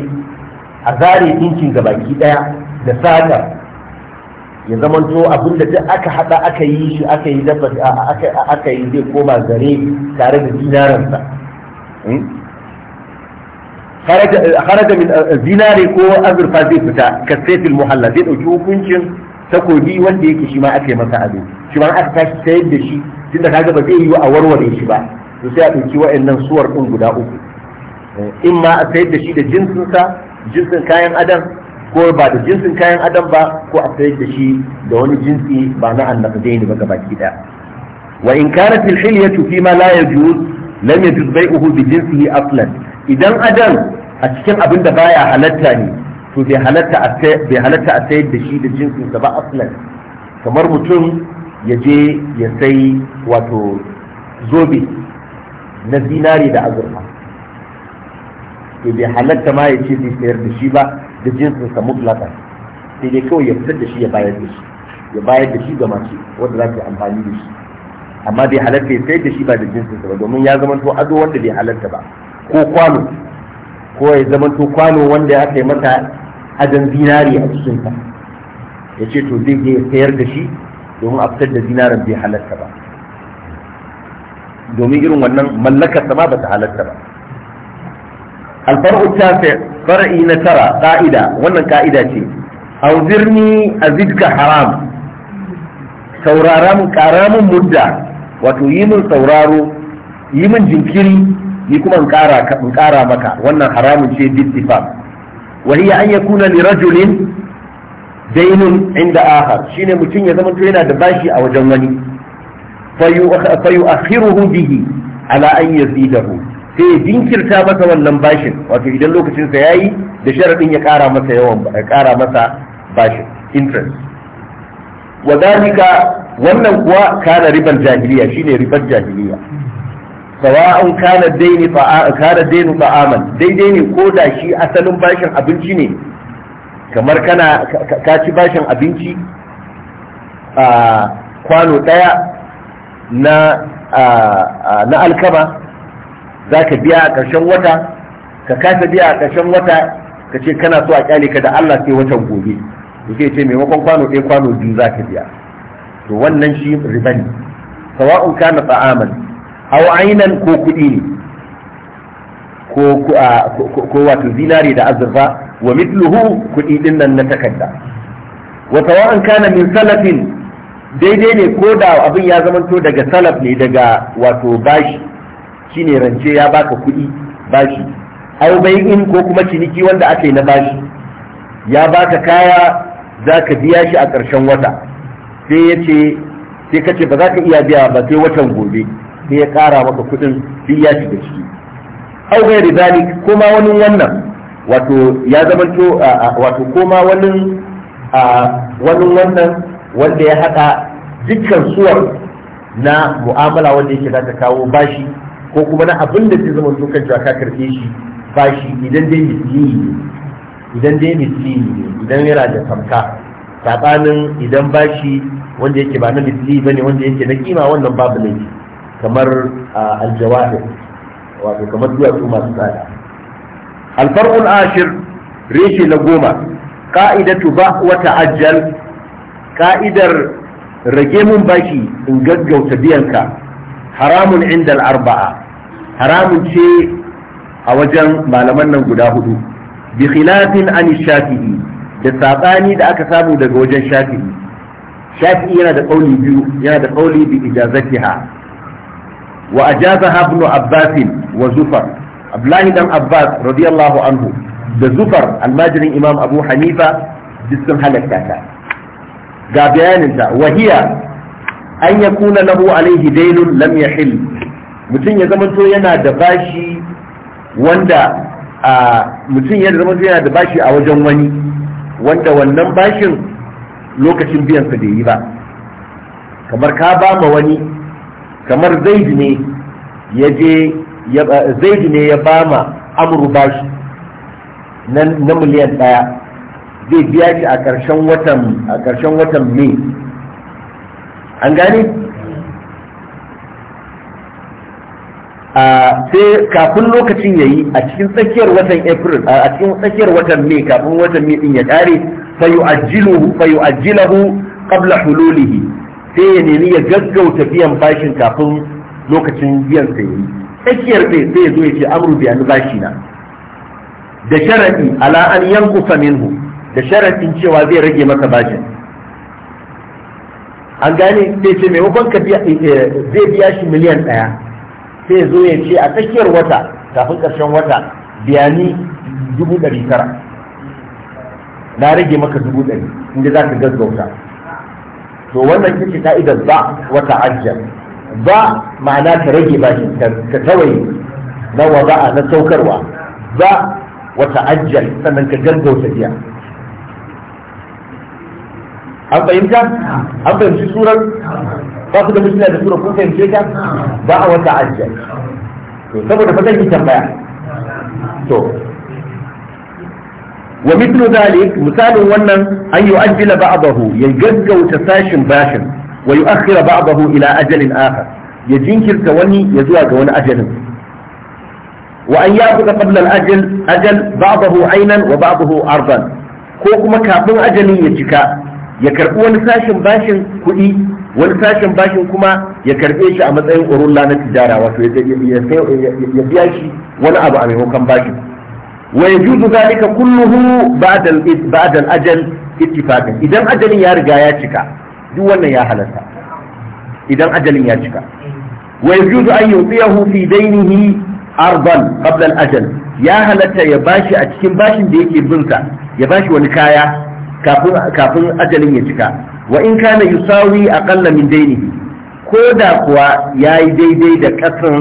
a zare ɗinkin gabaki ɗaya da sata. ya zamanto abin da duk aka hada aka yi shi aka yi dafa aka yi zai koma gare tare da dinaransa hmm? kharaja min eh, zinare ko azurfa zai fita ka saifil muhalla zai dauki hukuncin takobi wanda yake shi ma ake masa ado shi ma aka tashi sayar da shi tunda kaga ba zai yi a warware shi ba to sai a dauki wa'annan suwar din guda uku eh, in ma a sayar da shi da jinsinsa jinsin kayan adam ko ba da jinsin kayan adam ba ko a sayar da shi da wani jinsi ba na annabdai ne ba gabaki daya wa in kanat al hilyatu fi ma la yajuz lam yajuz bai'uhu bi jinsihi aslan idan adam a cikin abin da baya halatta ne to bai halatta a bai halatta a sayar da shi da jinsin ba aslan kamar mutum ya je ya sai wato zobe na zinari da azurfa to bai halatta ma ya ce zai sayar da shi ba da jinsinsa mutlaka sai dai kawai ya fitar da shi ya bayar da shi ya bayar da shi ga mace wanda za ta yi amfani da shi amma bai halatta ya sayar da shi ba da jinsinsa ba domin ya zama to ado wanda bai halatta ba ko kwano ko ya zama kwano wanda ya kai mata adon zinari a cikinsa ya ce to zai je sayar da shi domin a fitar da zinarin bai halatta ba domin irin wannan mallakarsa ma ba ta halatta ba alfar'u ta sayar far'i na tara ƙa'ida wannan ƙa'ida ce auzirni a zidka haram sauraran ƙaramin mudda wato yi min sauraro yi min jinkiri ni kuma in maka wannan haramun ce bittifam wa hiya an yakuna li rajulin daynun inda akhar shine mutum ya zama to yana da bashi a wajen wani fa yu akhiruhu bihi ala an yazidahu sai ya jinkirta masa wannan bashin wato idan lokacinsa ya yi da sharaɗin ya ƙara masa yawan ya ƙara masa bashin interest wa wannan kuwa kana riban jahiliya shine riban jahiliya sawa'un kana daini fa'a kana dainu fa'aman daidai ne ko da shi asalin bashin abinci ne kamar kana ka ci bashin abinci a kwano daya na na alkama za ka biya a ƙarshen wata ka kasa biya a ƙarshen wata ka ce kana so a kyale ka da Allah sai watan gobe to sai ce maimakon kwano ɗaya kwano biyu za ka biya to wannan shi riba ne sawa'un kana ta'aman aw ainan ko kuɗi ne ko wato zinare da azurfa wa mithluhu kuɗi din nan na takarda wa sawa'un kana min salafin daidai ne ko da abin ya zamanto daga salaf ne daga wato bashi shine rance ya baka kuɗi bashi au in ko kuma ciniki wanda aka yi na bashi ya baka kaya za ka biya shi a ƙarshen wata sai ya ce sai ka ce ba za ka iya biya ba sai watan gobe sai ya ƙara maka kuɗin sai ya shiga ciki au bai rizalik ko ma wani wannan wato ya zamanto wato ko ma wani wani wannan wanda ya haɗa dukkan suwar na mu'amala wanda yake za ta kawo bashi ko kuma na abin da zai zama kan cewa ka karfe shi ba shi idan dai miskini ne idan dai miskini ne idan yana da tamka sabanin idan ba shi wanda yake ba na misli ne, wanda yake na kima wannan babu laifi kamar aljawahir wato kamar duwatsu masu tsada alfar'ul ashir reshe na goma ka'idatu ba wa ta'ajjal ka'idar rage mun bashi in gaggauta biyanka haramun inda arba'a haramun ce a wajen malaman nan guda hudu bi khilafin an shafi'i da saɓani da aka samu daga wajen shafi'i shafi'i yana da kauli biyu yana da kauli bi ijazatiha wa ajaza Habnu abbas wa zufar abdullahi dan abbas radiyallahu anhu da zufar almajirin imam abu hanifa duk sun halatta ga bayaninta wahiya an ya kuna lahu alaihi dainun lam hil. mutum ya to yana da bashi wanda mutum ya to yana da bashi a wajen wani wanda wannan bashin lokacin sa da yi ba kamar ka ba ma wani kamar zaid ne ya je zaid ne ya ba ma amru bashi na miliyan daya zai biya shi a ƙarshen watan a ƙarshen watan mai an gane sai kafin lokacin yayi a cikin tsakiyar watan april a cikin tsakiyar watan mai kafin watan mai din ya kare fa fayu'ajjilahu qabla hululihi sai ya nemi ya gaggauta biyan bashin kafin lokacin biyan sa yayi tsakiyar sai, sai ya zo ya ce amru biyan bashi na da sharadi ala an yankufa minhu da sharadin cewa zai rage maka bashin an gane sai ce maimakon ka eh, eh, zai biya shi miliyan ɗaya sai zo ya ce a tsakiyar wata kafin ƙarshen wata biya ni dubu ɗari tara na rage maka dubu ɗari inda za ka gaggauta to wannan ita ce ka'idar ba wata ajiyar ba ma'ana ka rage bashi ka tawaye na wada'a na saukarwa ba wata ajiyar sannan ka gaggauta biya an fahimta an fahimci surar ba su da mutuna da surar kun fahimce ta ba a wata ajiya to saboda fa zan yi tambaya to wa mithlu dhalik misalin wannan an yu'ajjila ba'dahu ya gaggauta sashin bashin wa yu'akhkhira ba'dahu ila ajalin akhar ya jinkirta wani ya zuwa ga wani ajalin wa an ya'khudha qabla al-ajal ajal ba'dahu aynan wa ba'dahu ardan ko kuma kafin ajalin ya cika ya karbi wani sashen bashin kuɗi wani sashen bashin kuma ya karbe shi a matsayin urulla na tijara wato ya biya shi wani abu a maimakon bashin wa yajuzu zalika kulluhu ba'da ba'da al-ajal ittifaqan idan ajalin ya riga ya cika duk wannan ya halarta idan ajalin ya cika wa juzu an yutiyahu fi dainihi ardan qabla al-ajal ya halatta ya bashi a cikin bashin da yake binsa ya bashi wani kaya kafin ajalin ya cika wa in kana yusawi aqalla min dainihi ko da kuwa ya yi daidai da kasan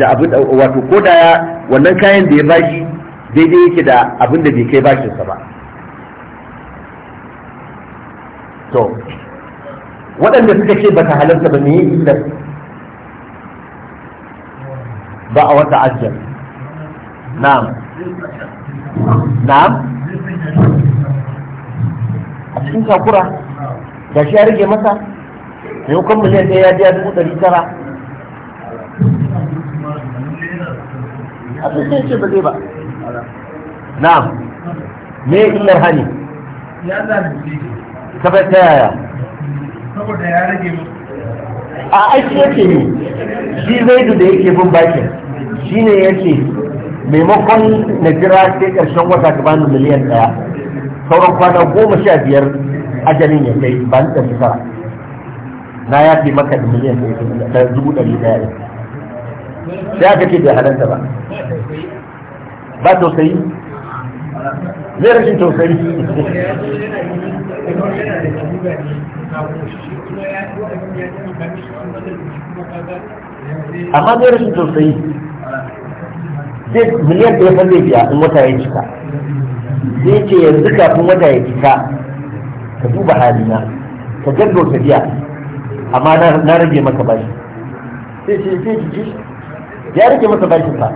da abin wato ko da wannan kayan da ya bashi daidai yake da abin da bai kai bashin bashinsa ba to waɗanda suka ce baka halarta ba ne yi ba a wata ajiyar na'am na'am cikin takura da shi ya rage masa kan miliyan ɗaya ya biya dubu ɗari tara a cikin ce ba zai ba na'am me illar hani ya zalunce ta ta yaya saboda ya rage a aiki yake ne shi zaidu da yake bin bakin shi ne yake maimakon na jira sai ƙarshen wata bani miliyan ɗaya sauran kwana goma sha biyar ajalin ya kai ba ni ɗari tara na ya fi maka da miliyan da dubu ɗari ɗaya ne sai aka ce bai halarta ba ba tausayi zai rashin tausayi amma zai rashin tausayi zai miliyan ɗaya fa zai biya in wata ya cika zai ce yanzu kafin wata ya cika ka duba halina ka gaggauta biya amma na rage maka bashi sai ce sai jiki ya rage maka bashi ba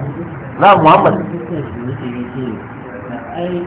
na muhammad ai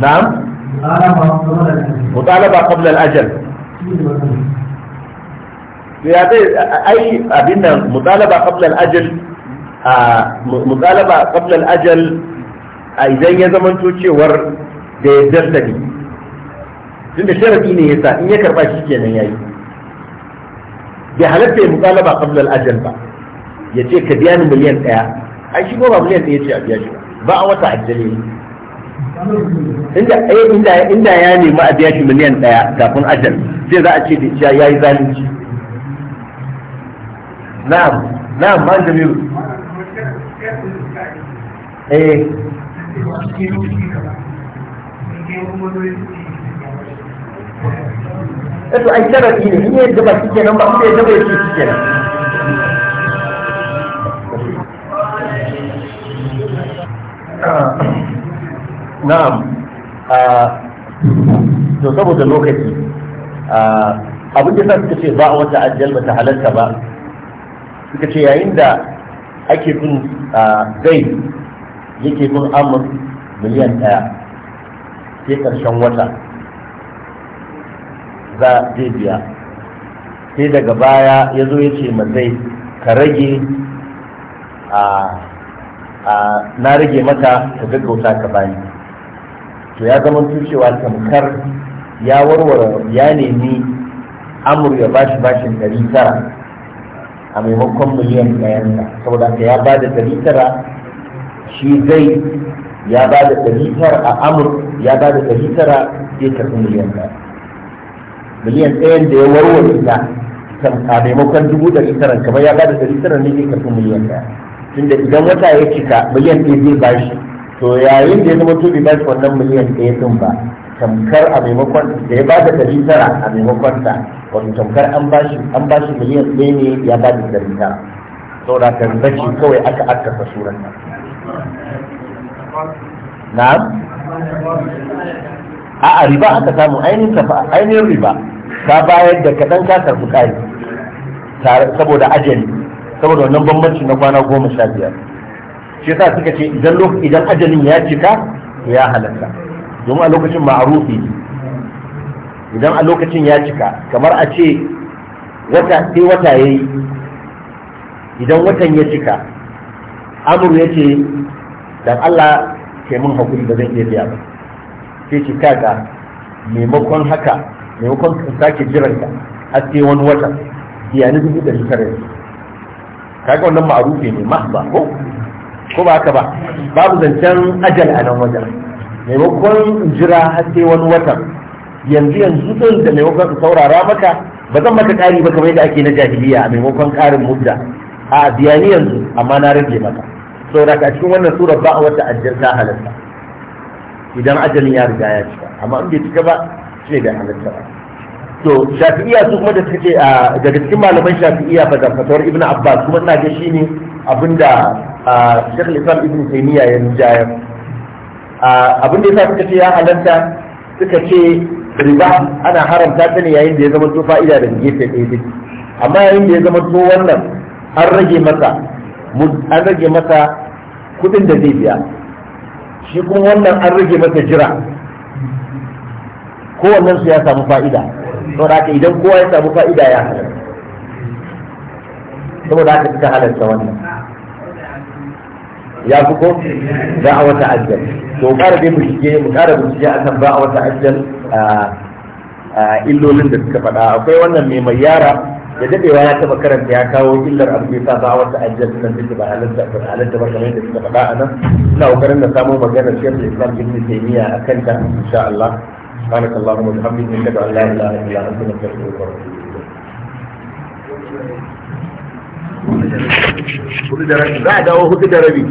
na'am mutalaba qabla al-ajal ya zai ai abin nan mutalaba qabla al-ajal a mutalaba a idan ya zamanto da ya darta ne tunda sharadi ne yasa in ya karba shi kenan yayi bai halatta ya mutalaba qabla ba ya ce ka biya ni miliyan ɗaya ai shi ba miliyan ɗaya ce a biya shi ba ba a wata ajali ne Eh, inda ya nemi a biya shi miliyan ɗaya kafin ajal sai za a ce da ya yi zalunci na'am na'am da miru eh Eto eh, ai sharafi ne, in yadda ba shi nan, ba, sai ya gaba ya ce shi kenan. Ah. na'am ah, to saboda lokaci ah, abin da suka ce ba wata ajal ba ta halarta ba suka ce yayin da ake bin gai ah, yake bin amur miliyan ɗaya sai ƙarshen wata za zai biya sai daga baya ya zo ya ce zai ka rage na rage mata ka gaggauta ka bani to ya zama cewa tamkar ya warware ya nemi amur ya bashi bashin dari tara a maimakon miliyan ɗayansa saboda ka ya ba da tara shi zai ya ba da tara a amur ya ba da tara ya tafi miliyan ɗaya miliyan ɗayan da ya warware ta a maimakon dubu dari tara kamar ya ba da tara ne ya tafi miliyan ɗaya tunda idan wata ya cika miliyan ɗaya zai bashi to yayin da ya zama tobi ba shi wannan miliyan ɗaya ɗin ba tamkar a maimakon da ya ba da ɗari tara a maimakon ta wato tamkar an ba shi an ba shi miliyan ɗaya ne ya ba da ɗari tara saboda ka zaci kawai aka akasa suran nan na'am a'a riba aka samu ainihin ainihin riba ka bayar da kaɗan ka karɓi ƙari saboda ajali saboda wannan bambanci na kwana goma sha biyar shi yasa suka ce idan idan ajalin ya cika ya halatta domin a lokacin ma'arufi idan a lokacin ya cika kamar a ce wata sai wata yayi idan watan ya cika amur ya ce dan Allah ke mun hakuri ba zan iya biya ba sai ce kaga maimakon haka maimakon ka sake jiranka har sai wani wata biya da dubu ɗari tara kaga wannan ma'arufi ne mahba ko ko ba haka ba babu zancen ajal a nan wajen maimakon jira har sai wani watan yanzu yanzu din da maimakon su saurara maka ba zan maka ƙari ba kamar yadda ake na jahiliya a maimakon ƙarin mudda a biyani yanzu amma na rage maka saboda a cikin wannan sura ba a wata ajal ta halatta idan ajalin ya riga ya cika amma in bai cika ba shi da halatta ba to shafi'iya su kuma da suka ce daga cikin malaman shafi'iya fa da fatawar ibnu abbas kuma ina ga shine abinda a shekul islam ibn taimiyya ya rinjayar abin da ya sa suka ce ya halarta suka ce riba ana haramta ta ne yayin da ya zama to fa'ida daga gefe ɗaya duk amma yayin da ya zama to wannan an rage masa an rage masa kuɗin da zai biya shi kuma wannan an rage masa jira wannan su ya samu fa'ida saboda haka idan kowa ya samu fa'ida ya halarta saboda haka suka halarta wannan ya fi ko za a wata ajiyar to ƙara dai bincike mu ƙara bincike a kan za a wata ajiyar illolin da suka faɗa akwai wannan mai mai yara da daɗewa ya taɓa karanta ya kawo illar abu ya sa ba wata ajiyar nan take ba halatta ba halatta ba kamar yadda suka faɗa a nan ina kokarin na samu maganar shekul islam ibn taymiya a kan ta insha Allah سبحانك اللهم وبحمدك نشهد ان لا اله الا انت نستغفرك ونتوب اليك za a dawo hudu da rabi